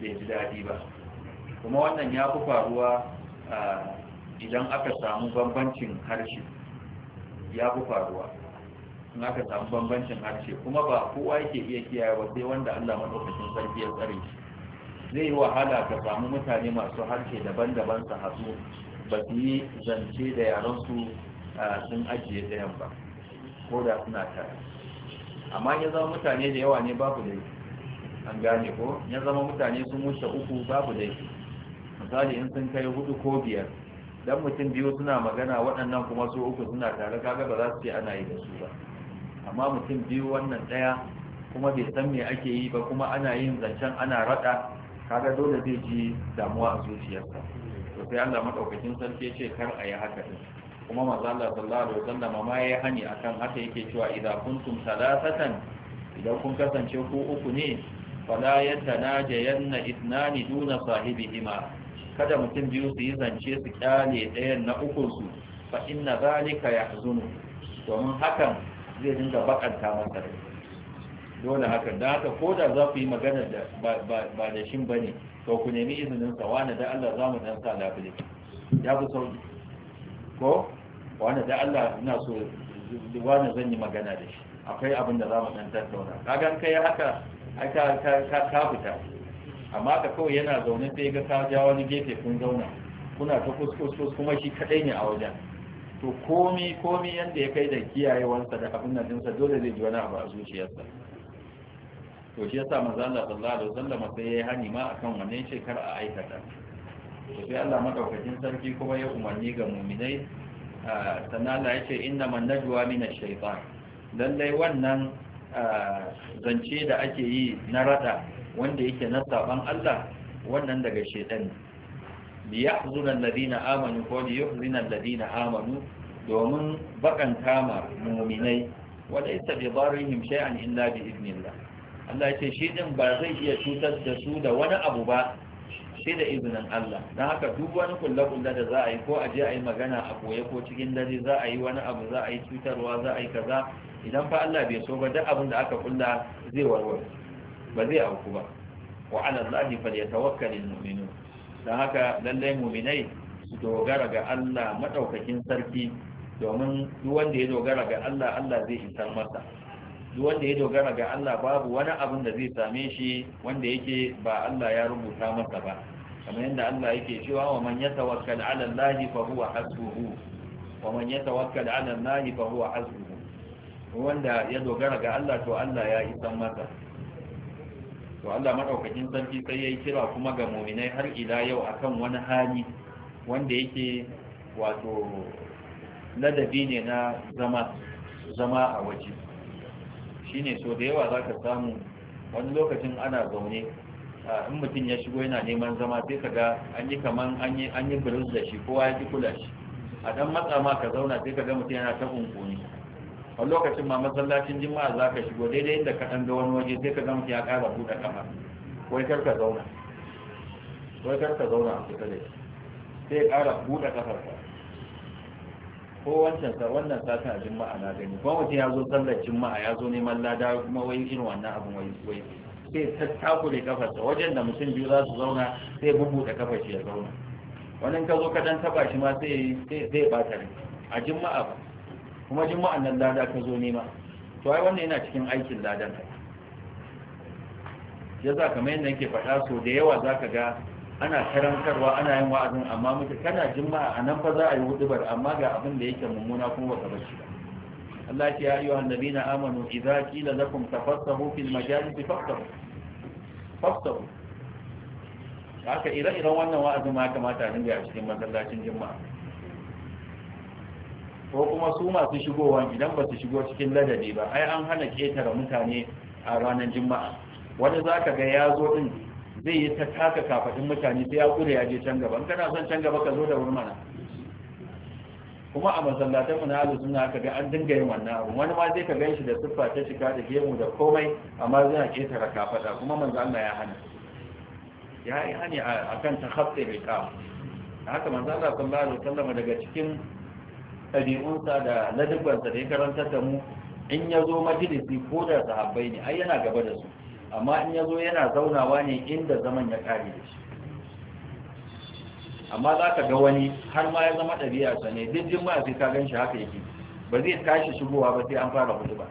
bai ji daɗi ba kuma wannan ya fi faruwa idan aka samu bambancin harshe ya fi faruwa in aka samu bambancin harshe kuma ba kowa yake iya kiyaye ba sai wanda Allah maɗaukacin sarki ya tsare shi zai yi wahala ka samu mutane masu harshe daban-daban su hasu ba su yi zance da yaransu sun ajiye ɗayan ba ko da suna tare amma ya zama mutane da yawa ne babu laifi an gane ko ya zama mutane sun wuce uku babu laifi misali in sun kai hudu ko biyar dan mutum biyu suna magana waɗannan kuma su uku suna tare kaga ba za su ce ana yi da su ba amma mutum biyu wannan ɗaya kuma bai san me ake yi ba kuma ana yin zancen ana raɗa kaga dole zai ji damuwa a zuciyarsa to sai Allah madaukakin sarki ya ce kar a yi haka din kuma manzo Allah sallallahu alaihi wasallam ma ya hani akan haka yake cewa idan kuntum salasatan idan kun kasance ku uku ne fala yanna ithnani duna sahibihima kada mutum biyu su yi zance su kyale ɗayan na uku su fa inna zalika yahzunu domin hakan zai dinga bakanta masa rai dole haka da haka ko da za ku yi magana da ba da shin ba ne to ku nemi izinin sa wani da Allah za mu danta labule ya fi sauki ko wani da Allah ina so wani zan yi magana da shi akwai abin da za mu dan tattauna kagan kai haka aka ka ka fita amma ka kawai yana zaune sai ga ka ja wani gefe kun zauna kuna ta kuskus kuma shi kadai ne a wajen to komi komi yanda ya kai da kiyayewarsa da abin nan dinsa dole zai ji wani abu a zuciyarsa to shi yasa manzo Allah sallallahu alaihi wasallam sai yayi hani ma akan wannan shekara a aikata to sai Allah madaukakin sarki kuma ya umarni ga mu'minai sannan Allah yace innaman najwa minash shaytan lallai wannan zance da ake yi na rada wanda yake na saban Allah wannan daga shaytan bi yahzuna alladhina amanu ko bi yuhzina alladhina amanu domin bakan kama mu'minai wa laysa bi darrihim shay'an illa bi idnillah Allah ce shi din ba zai iya cutar da su da wani abu ba sai da izinin Allah don haka duk wani kulle-kulle da za a yi ko a je a yi magana a koye ko cikin dare za a yi wani abu za a yi cutarwa za a yi kaza idan fa Allah bai so ba duk abin da aka kulla zai warware ba zai auku ba wa ala fal yatawakkalul mu'minun don haka lallai mu'minai su dogara ga Allah madaukakin sarki domin duk wanda ya dogara ga Allah Allah zai isar masa wanda ya dogara ga Allah babu wani abin da zai same shi wanda yake ba Allah ya rubuta masa ba kamar yadda Allah yake cewa wa man yatawakkal ala Allah fa huwa hasbuhu wa man yatawakkal ala Allah fa huwa hasbuhu wanda ya dogara ga Allah to Allah ya isan masa to Allah madaukakin sarki sai yayi kira kuma ga mu'minai har ila yau akan wani hali wanda yake wato ladabi ne na zama zama a waje shine so da yawa za ka samu wani lokacin ana zaune in mutum ya shigo yana neman zama sai ka ga an yi kaman an yi birin da shi kowa ya ji kula shi a dan matsa ma ka zauna sai ka ga mutum yana ta kunkuni a lokacin ma masallacin jima'a za ka shigo daidai inda ka ɗan ga wani waje sai ka ga mutum ya ƙara buɗe kafa wai kar ka zauna wai kar ka zauna a kusa da shi sai ya ƙara buɗe kafarka ko wancan sa wannan sa a juma'a na gani ba wace ya zo sallar juma'a ya zo neman lada kuma wai irin wannan abin wai wai sai ta takure kafarsa wajen da mutum biyu za su zauna sai bubuta kafar shi ya zauna wannan ka zo ka dan taba shi ma sai sai bata ne a juma'a ba kuma juma'an nan lada ka zo nema to ai wannan yana cikin aikin ladan ka ya kamar yadda yake faɗa so da yawa za ka ga ana karantarwa ana yin wa'azin amma muka kana jima'a a nan fa za a yi hudubar amma ga abin da yake mummuna kuma ba bar shi ba Allah ya ayyuha annabina amanu idza qila lakum tafassahu fil majalis fafsahu fafsahu haka ire-iren wannan wa'azin ma kamata a dinga a cikin masallacin jima'a ko kuma su masu shigowa idan ba su shigo cikin ladabi ba ai an hana ketare mutane a ranar jima'a wani zaka ga ya zo din zai yi ta taka kafadin mutane sai ya ƙure ya je can gaba kana son can gaba ka zo da wuri kuma a masallatanmu na alu suna aka ga an dinga yin wannan abu wani ma zai ka gan shi da siffa ta shiga da gemu da komai amma zai ketara kafada kuma manzo Allah ya hana ya yi hani a ta takhaffi bil qam haka manzo Allah sallallahu alaihi wasallam daga cikin ɗabi'unsa da ladabbansa da ya karantar da mu in ya zo majalisi ko da sahabbai ne ai yana gaba da su amma in ya zo yana zaunawa ne inda zaman ya kare da shi amma za ka ga wani har ma ya zama ɗabi'a sa ne duk jin sai ka gan shi haka yake ba zai tashi shigowa ba sai an fara hutuba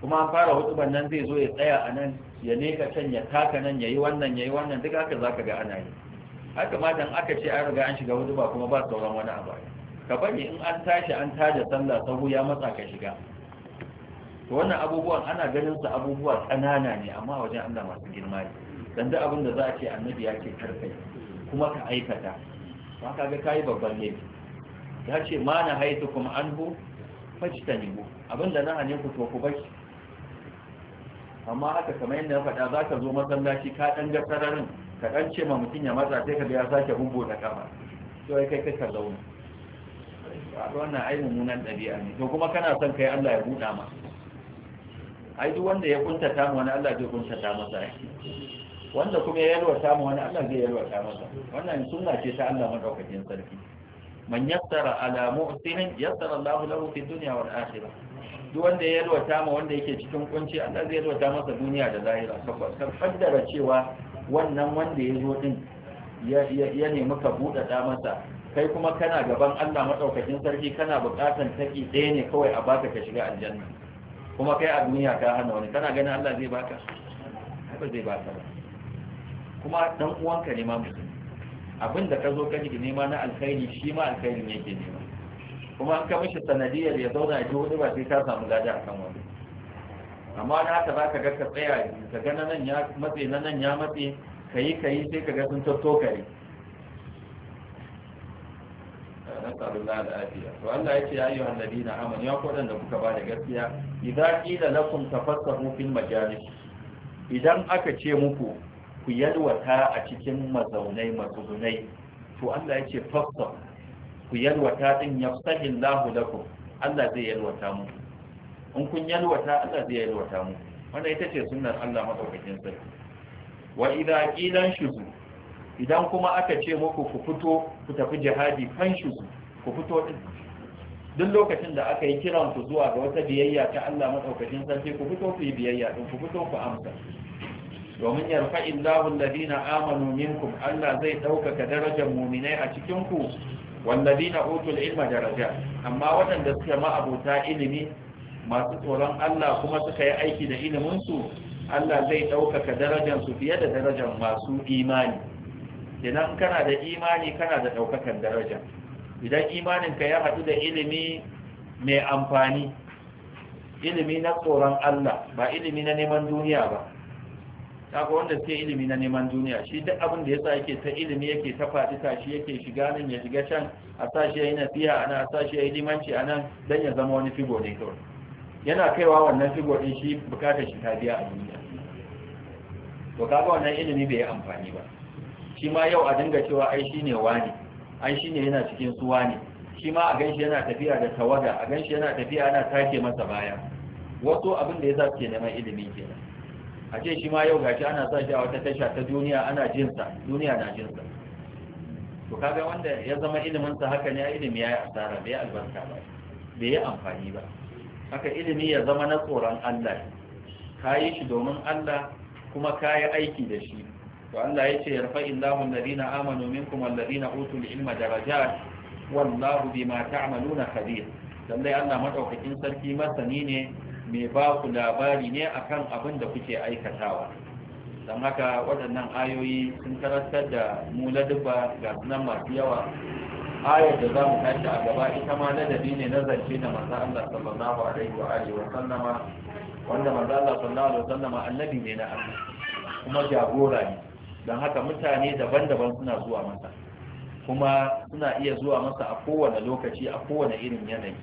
kuma an fara hutuban nan zai zo ya tsaya a nan ya neka can ya taka nan ya yi wannan ya yi wannan duk haka za ka ga ana yi haka ma dan aka ce an riga an shiga hutuba kuma ba sauran wani abu ka bari in an tashi an tada sallah sahu ya matsa ka shiga to wannan abubuwan ana ganin su abubuwa ƙanana ne amma wajen Allah masu girma ne dan da abin da za a ce annabi ya ce karfe kuma ka aikata ba ka ga kai babban ne ya ce ma na haitu kuma an bu abin da na hane ku to ku baki amma haka kamar yadda ya faɗa za ka zo masallaci ka ɗan ga sararin ka ɗan ce ma mutum ya matsa sai ka ga ya sake hubo da kama to kai kai ka zauna wannan ai mummunan ɗabi'a ne to kuma kana son kai Allah ya buɗa ma ai duk wanda ya ta mu wani Allah zai ta masa wanda kuma ya ta mu wani Allah zai ta masa wannan sunna ce ta Allah madaukakin sarki man yassara ala mu'sinin yassara Allah lahu fi dunya wal akhirah duk wanda ya ta mu wanda yake cikin kunci Allah zai ta masa duniya da lahira saboda kaddara cewa wannan wanda ya zo din ya nemi ka buɗaɗa masa kai kuma kana gaban Allah madaukakin sarki kana buƙatan taki ɗaya ne kawai a baka ka shiga aljanna kuma kai a duniya ka hana wani kana ganin Allah zai baka ba zai baka ba kuma dan uwanka ne ma mutum abin da ka zo ka ji nema na alkhairi shi ma alkhairin yake nema kuma an ka mishi sanadiyar ya zauna a hudu ba sai ka samu gada a kan wani amma na haka baka ka ga ka tsaya ka ga na nan ya matse na nan ya matse ka yi ka yi sai ka ga sun tattokare da afiya to Allah yake ya ayyuhan ladina amanu ya kodan da kuka bada gaskiya idza qila lakum tafassahu fil majalis idan aka ce muku ku yalwata a cikin mazaunai mazunai to Allah yake fassa ku yalwata din yafsahillahu lakum Allah zai yalwata muku in kun yalwata Allah zai yalwata muku wannan ita ce sunnar Allah madaukakin sarki wa idza qilan shuzu idan kuma aka ce muku ku fito ku tafi jihadi fanshi ku fito din duk lokacin da aka yi kiran ku zuwa ga wata biyayya ta Allah madaukakin sarki ku fito ku yi biyayya din ku fito ku amsa domin yarfa illahu alladhina amanu minkum Allah zai ɗaukaka darajar mu'minai a cikin ku walladhina utul ilma daraja amma waɗanda suka ma abota ilimi masu tsoron Allah kuma suka yi aiki da ilimin su Allah zai ɗaukaka darajar su fiye da darajar masu imani idan kana da imani kana da ɗaukakan daraja idan imaninka ya haɗu da ilimi mai amfani ilimi na tsoron Allah ba ilimi na neman duniya ba kaga wanda sai ilimi na neman duniya shi duk abin da yasa yake ta ilimi yake ta faɗi tashi yake shiga nan ya shiga can a sashi yi nasiha ana a sashi yi limanci anan dan ya zama wani figo ne kawai yana kaiwa wannan figo din shi bukatar shi ta biya a duniya to kaga wannan ilimi bai yi amfani ba shi ma yau a dinga cewa ai shi ne wani ai shi ne yana cikin su wani shi ma a ganshi yana tafiya da tawada a ganshi yana tafiya ana take masa baya wasu abin da ya sa ke neman ilimi nan a ce shi ma yau gashi ana sa shi a wata tasha ta duniya ana jinsa duniya na jinsa to kaga wanda ya zama iliminsa haka ne a ilimi ya yi asara bai albarka ba bai yi amfani ba haka ilimi ya zama na tsoron Allah ka yi shi domin Allah kuma ka yi aiki da shi ya to Allah yace yarfa'illahu alladhina amanu minkum walladhina utul ilma darajat wallahu bima ta'maluna khabir lalle Allah madaukakin sarki masani ne mai ba ku labari ne akan abin da kuke aikatawa don haka waɗannan ayoyi sun karantar da mu ladabba ga sunan masu yawa ayar da za mu tashi a gaba ita ma ladabi ne na zance da manzo Allah sallallahu alaihi wa alihi wa sallama wanda manzo Allah sallallahu alaihi wa sallama annabi ne na Allah kuma jagora ne don haka mutane daban-daban suna zuwa masa kuma suna iya zuwa masa a kowane lokaci a kowane irin yanayi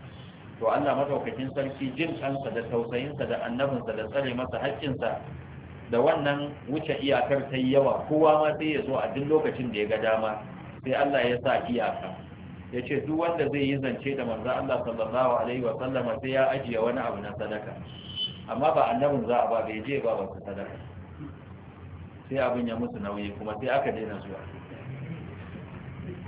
to Allah mataukakin sarki jin kansa da tausayinsa da annabinsa da tsare masa haƙƙinsa da wannan wuce iyakar ta yi yawa kowa ma sai ya zo a duk lokacin da ya ga dama sai Allah ya sa iyaka ya ce duk wanda zai yi zance da manzo Allah sallallahu alaihi wa sallama sai ya ajiye wani abu na sadaka amma ba annabin za a ba bai je ba ba sadaka sai abin ya musu nauyi kuma sai aka daina zuwa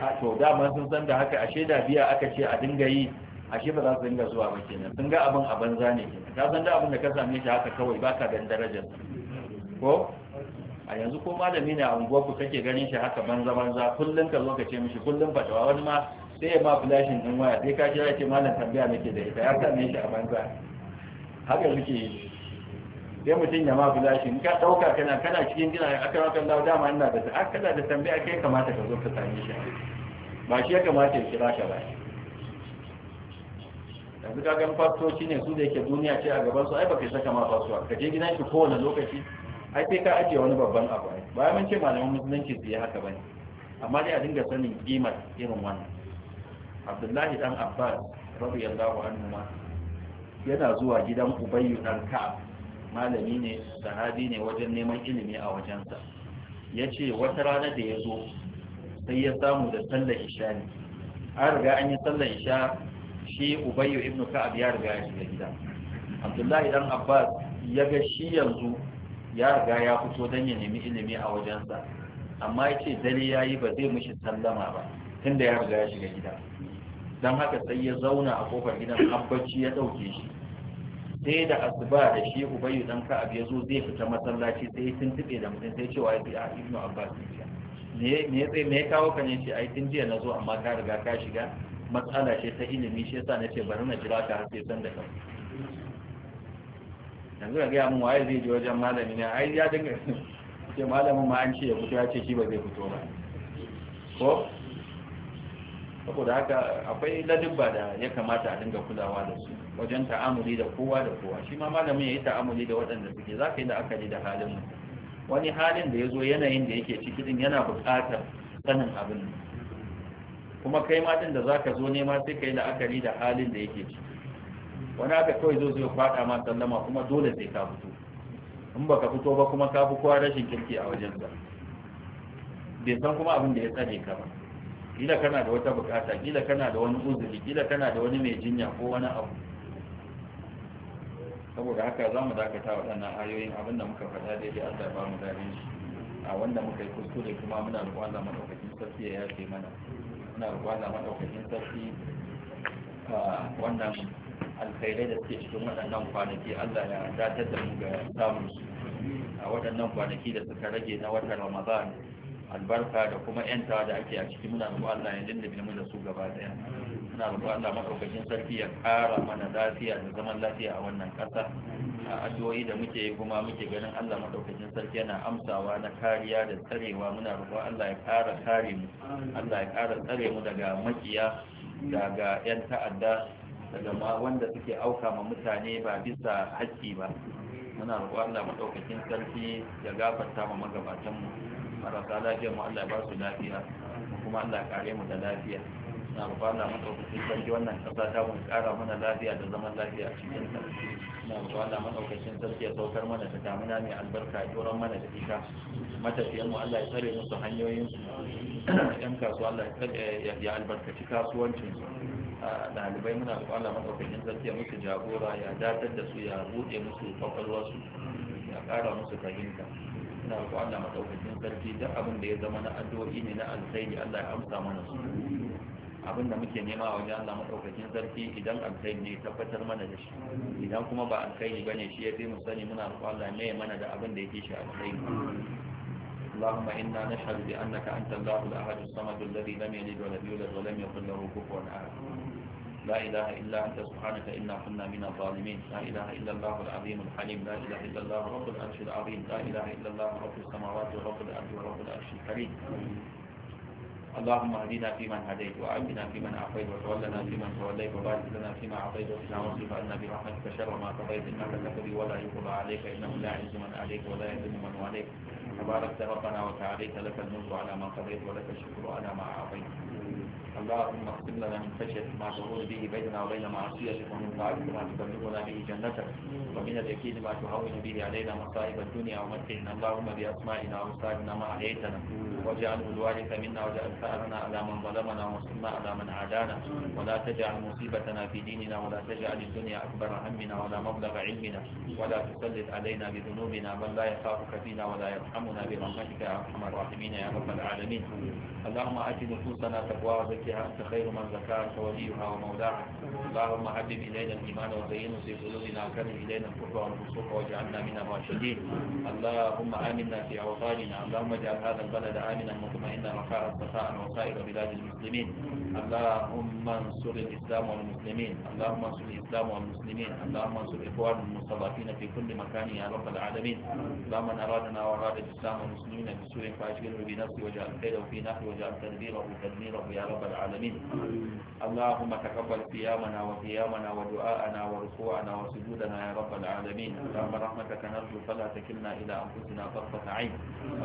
a to dama sun san da haka ashe da biya aka ce a dinga yi ashe ba za su dinga zuwa ba kenan sun ga abin a banza ne kenan ka san da abin da ka same shi haka kawai baka gan darajar ko a yanzu ko malami ne a unguwar ku kake ganin shi haka banza banza kullun ka zo ka ce mishi kullun fatawa wani ma sai ya ma flashin din waya sai ka kira ce malam tambaya nake da ita ya same shi a banza haka suke yi sai mutum ya ma bilashi shi ka dauka kana kana cikin gina ya aka maka lau dama ina da ta kana da tambaya kai kamata ka zo ka sami shi ba shi ya kamata ya kira ka ba yanzu ka gan fastoci ne su da yake duniya ce a gaban su ai baka saka ma fastowa ka je gidan shi kowane lokaci ai sai ka ajiye wani babban abu ne ba mun ce malaman musulunci su yi haka ba ne amma dai a dinga sanin kimar irin wannan Abdullahi dan Abbas yallahu anhu ma yana zuwa gidan ubayyu dan Ka'ab malami ne sahabi ne wajen neman ilimi a wajensa ya ce wata rana da ya zo sai ya samu da sallar isha ne an riga an yi sallar isha shi ubayyu ibn ka'ab ya riga ya shiga gida abdullahi dan abbas ya ga shi yanzu ya riga ya fito don ya nemi ilimi a wajensa amma ya ce dare ya yi ba zai mishi sallama ba tunda ya riga ya shiga gida don haka sai ya zauna a kofar gidan abbaci ya ɗauke shi sai da asuba da shi ubayu dan ka'ab ya zo zai fita masallaci sai sun tuntube da mutum sai cewa ya a ah, ibnu abbas ne me tsaye me kawo ka ne shi ai tun jiya na zo amma ka riga ka shiga matsala ce ta ilimi shi yasa nace bari na jira ka har sai san da kai yanzu ga ya mun waye zai je wajen malami ne ai ya dinga *laughs* ce malamin ma an ce ya fito ya ce shi ba zai fito ba ko saboda haka akwai ladubba da ya kamata a dinga kulawa da su wajen ta'amuli da kowa da kowa shi ma malamin ya yi ta'amuli da waɗanda suke za ka yi la'akari da halin mu. wani halin da ya zo yanayin da yake ciki din yana buƙatar sanin abin kuma kai ma din da za ka zo nema sai ka yi la'akari da halin da yake ciki wani aka kawai zo zai faɗa ma sallama kuma dole sai ka fito in baka fito ba kuma ka fi kowa rashin kirki a wajen ba. bai san kuma abin da ya tsare ka ba kila kana da wata bukata kila kana da wani uzuri kila kana da wani mai jinya ko wani abu saboda haka za mu dakata waɗannan ayoyin abinda muka faɗa daidai Allah ba mu darin shi a wanda muka yi kuskure kuma muna da Allah madaukakin sassi ya yafe mana muna da Allah sassi a wannan alkhairai da suke cikin waɗannan kwanaki Allah ya datar da mu ga samun su a waɗannan kwanaki da suka rage na watan Ramadan albarka da kuma yanta da ake a ciki muna roƙon Allah ya dinda mu da su gaba ɗaya suna roƙon Allah madaukakin sarki ya ƙara mana lafiya da zaman lafiya a wannan ƙasa a addu'o'i da muke yi kuma muke ganin Allah madaukakin sarki yana amsawa na kariya da tsarewa muna roƙon Allah ya ƙara kare mu Allah ya ƙara tsare mu daga makiya daga 'yan ta'adda daga ma wanda suke auka ma mutane ba bisa haƙƙi ba muna roƙon Allah madaukakin sarki ya gafarta ma magabatan mu marasa lafiyar mu Allah ya ba su lafiya kuma Allah ya kare mu da lafiya na roƙon Allah madaukakin sarki wannan ƙasa ta mun ƙara mana lafiya da zaman lafiya a cikin ta na na Allah madaukakin sarki ya saukar mana da damuna mai albarka a doron mana da ita matafiyan mu Allah ya tsare musu hanyoyin su ɗan kasuwa Allah ya albarkaci kasuwancin su ɗalibai muna roƙon Allah madaukakin sarki ya musu jagora ya datar da su ya buɗe musu kwakwalwarsu ya ƙara musu fahimta na roƙon Allah madaukakin sarki duk abin da ya zama na addu'o'i ne na alkhairi Allah ya amsa mana su abin da muke nema a wajen Allah madaukakin sarki idan alkhairi ne tabbatar mana da shi idan kuma ba alkhairi bane shi yafi mu sani muna roƙon Allah ne mana da abin da yake shi alkhairi اللهم إنا نشهد بأنك أنت الله الأحد الصمد الذي لم يلد ولم يولد ولم يكن له كفوا أحد لا إله إلا أنت سبحانك إنا كنا من الظالمين لا إله إلا الله العظيم الحليم لا إله إلا الله رب العرش العظيم لا إله إلا الله رب السماوات ورب الأرض ورب العرش الكريم اللهم اهدنا فيمن هديت وعافنا فيمن عافيت وتولنا فيمن توليت وبارك لنا فيما اعطيت وقنا واصرف عنا برحمتك شر ما قضيت انك تقضي ولا يقضى عليك انه لا يعز من عليك ولا يذم من عليك تباركت ربنا وتعاليت لك الملك على ما قضيت ولك الشكر على ما اعطيت اللهم اقسم لنا من خشيه ما تقول به بيننا وبين معصيتك ومن طاعتك ما تبلغنا به جنتك ومن اليقين ما تهون به علينا مصائب الدنيا ومتعنا اللهم باسمائنا ومصائبنا ما عليتنا واجعله الوارث منا واجعل ثأرنا على من ظلمنا وانصرنا على من عادانا ولا تجعل مصيبتنا في ديننا ولا تجعل الدنيا أكبر همنا ولا مبلغ علمنا ولا تسلط علينا بذنوبنا من لا يخافك فينا ولا يرحمنا برحمتك يا أرحم الراحمين يا رب العالمين اللهم آت نفوسنا تقوى وزكها أنت خير من زكاك وليها ومولاها اللهم حبب إلينا الإيمان وزينه في قلوبنا وكرم إلينا الكفر والفسوق واجعلنا من الراشدين اللهم آمنا في أوطاننا اللهم اجعل هذا البلد آمنا آمنا مطمئنا وخارا سخاء وسائر بلاد المسلمين اللهم انصر الإسلام والمسلمين اللهم انصر الإسلام والمسلمين اللهم انصر إخوان المستضعفين في كل مكان يا رب العالمين اللهم من أرادنا وأراد الإسلام والمسلمين بسوء فأشغله بنفسه واجعل خيره في نحره واجعل تدبيره تدميره يا رب العالمين اللهم تقبل صيامنا وقيامنا ودعاءنا وركوعنا وسجودنا يا رب العالمين اللهم رحمتك نرجو فلا تكلنا إلى أنفسنا طرفة عين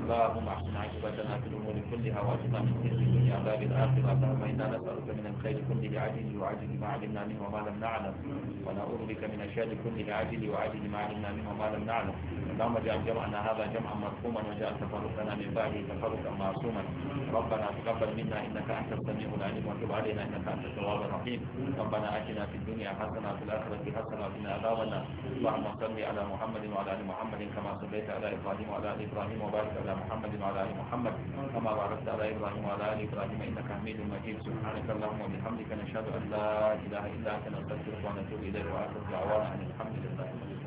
اللهم احسن عاقبتنا في الأمور كلها وأجنا من خير الدنيا باب الآخرة اللهم إنا نسألك من الخير كله عاجل وعجل ما علمنا منه وما لم نعلم ونعوذ بك من الشر كله عاجل وعجل ما علمنا منه وما لم نعلم اللهم اجعل جمعنا هذا جمعا مرحوما وجعل تفرقنا من بعده تفرقا معصوما ربنا تقبل منا انك انت السميع العليم وتب علينا انك انت التواب الرحيم ربنا اتنا في الدنيا حسنه وفي الاخره حسنه وقنا عذاب النار اللهم صل على محمد وعلى ال محمد كما صليت على ابراهيم وعلى ال ابراهيم وبارك على محمد وعلى ال محمد كما باركت على إبراهيم وعلى آل إبراهيم إنك حميد مجيد سبحانك اللهم وبحمدك نشهد أن لا إله إلا أنت نستغفرك ونتوب إليك وآخر دعوانا أن الحمد لله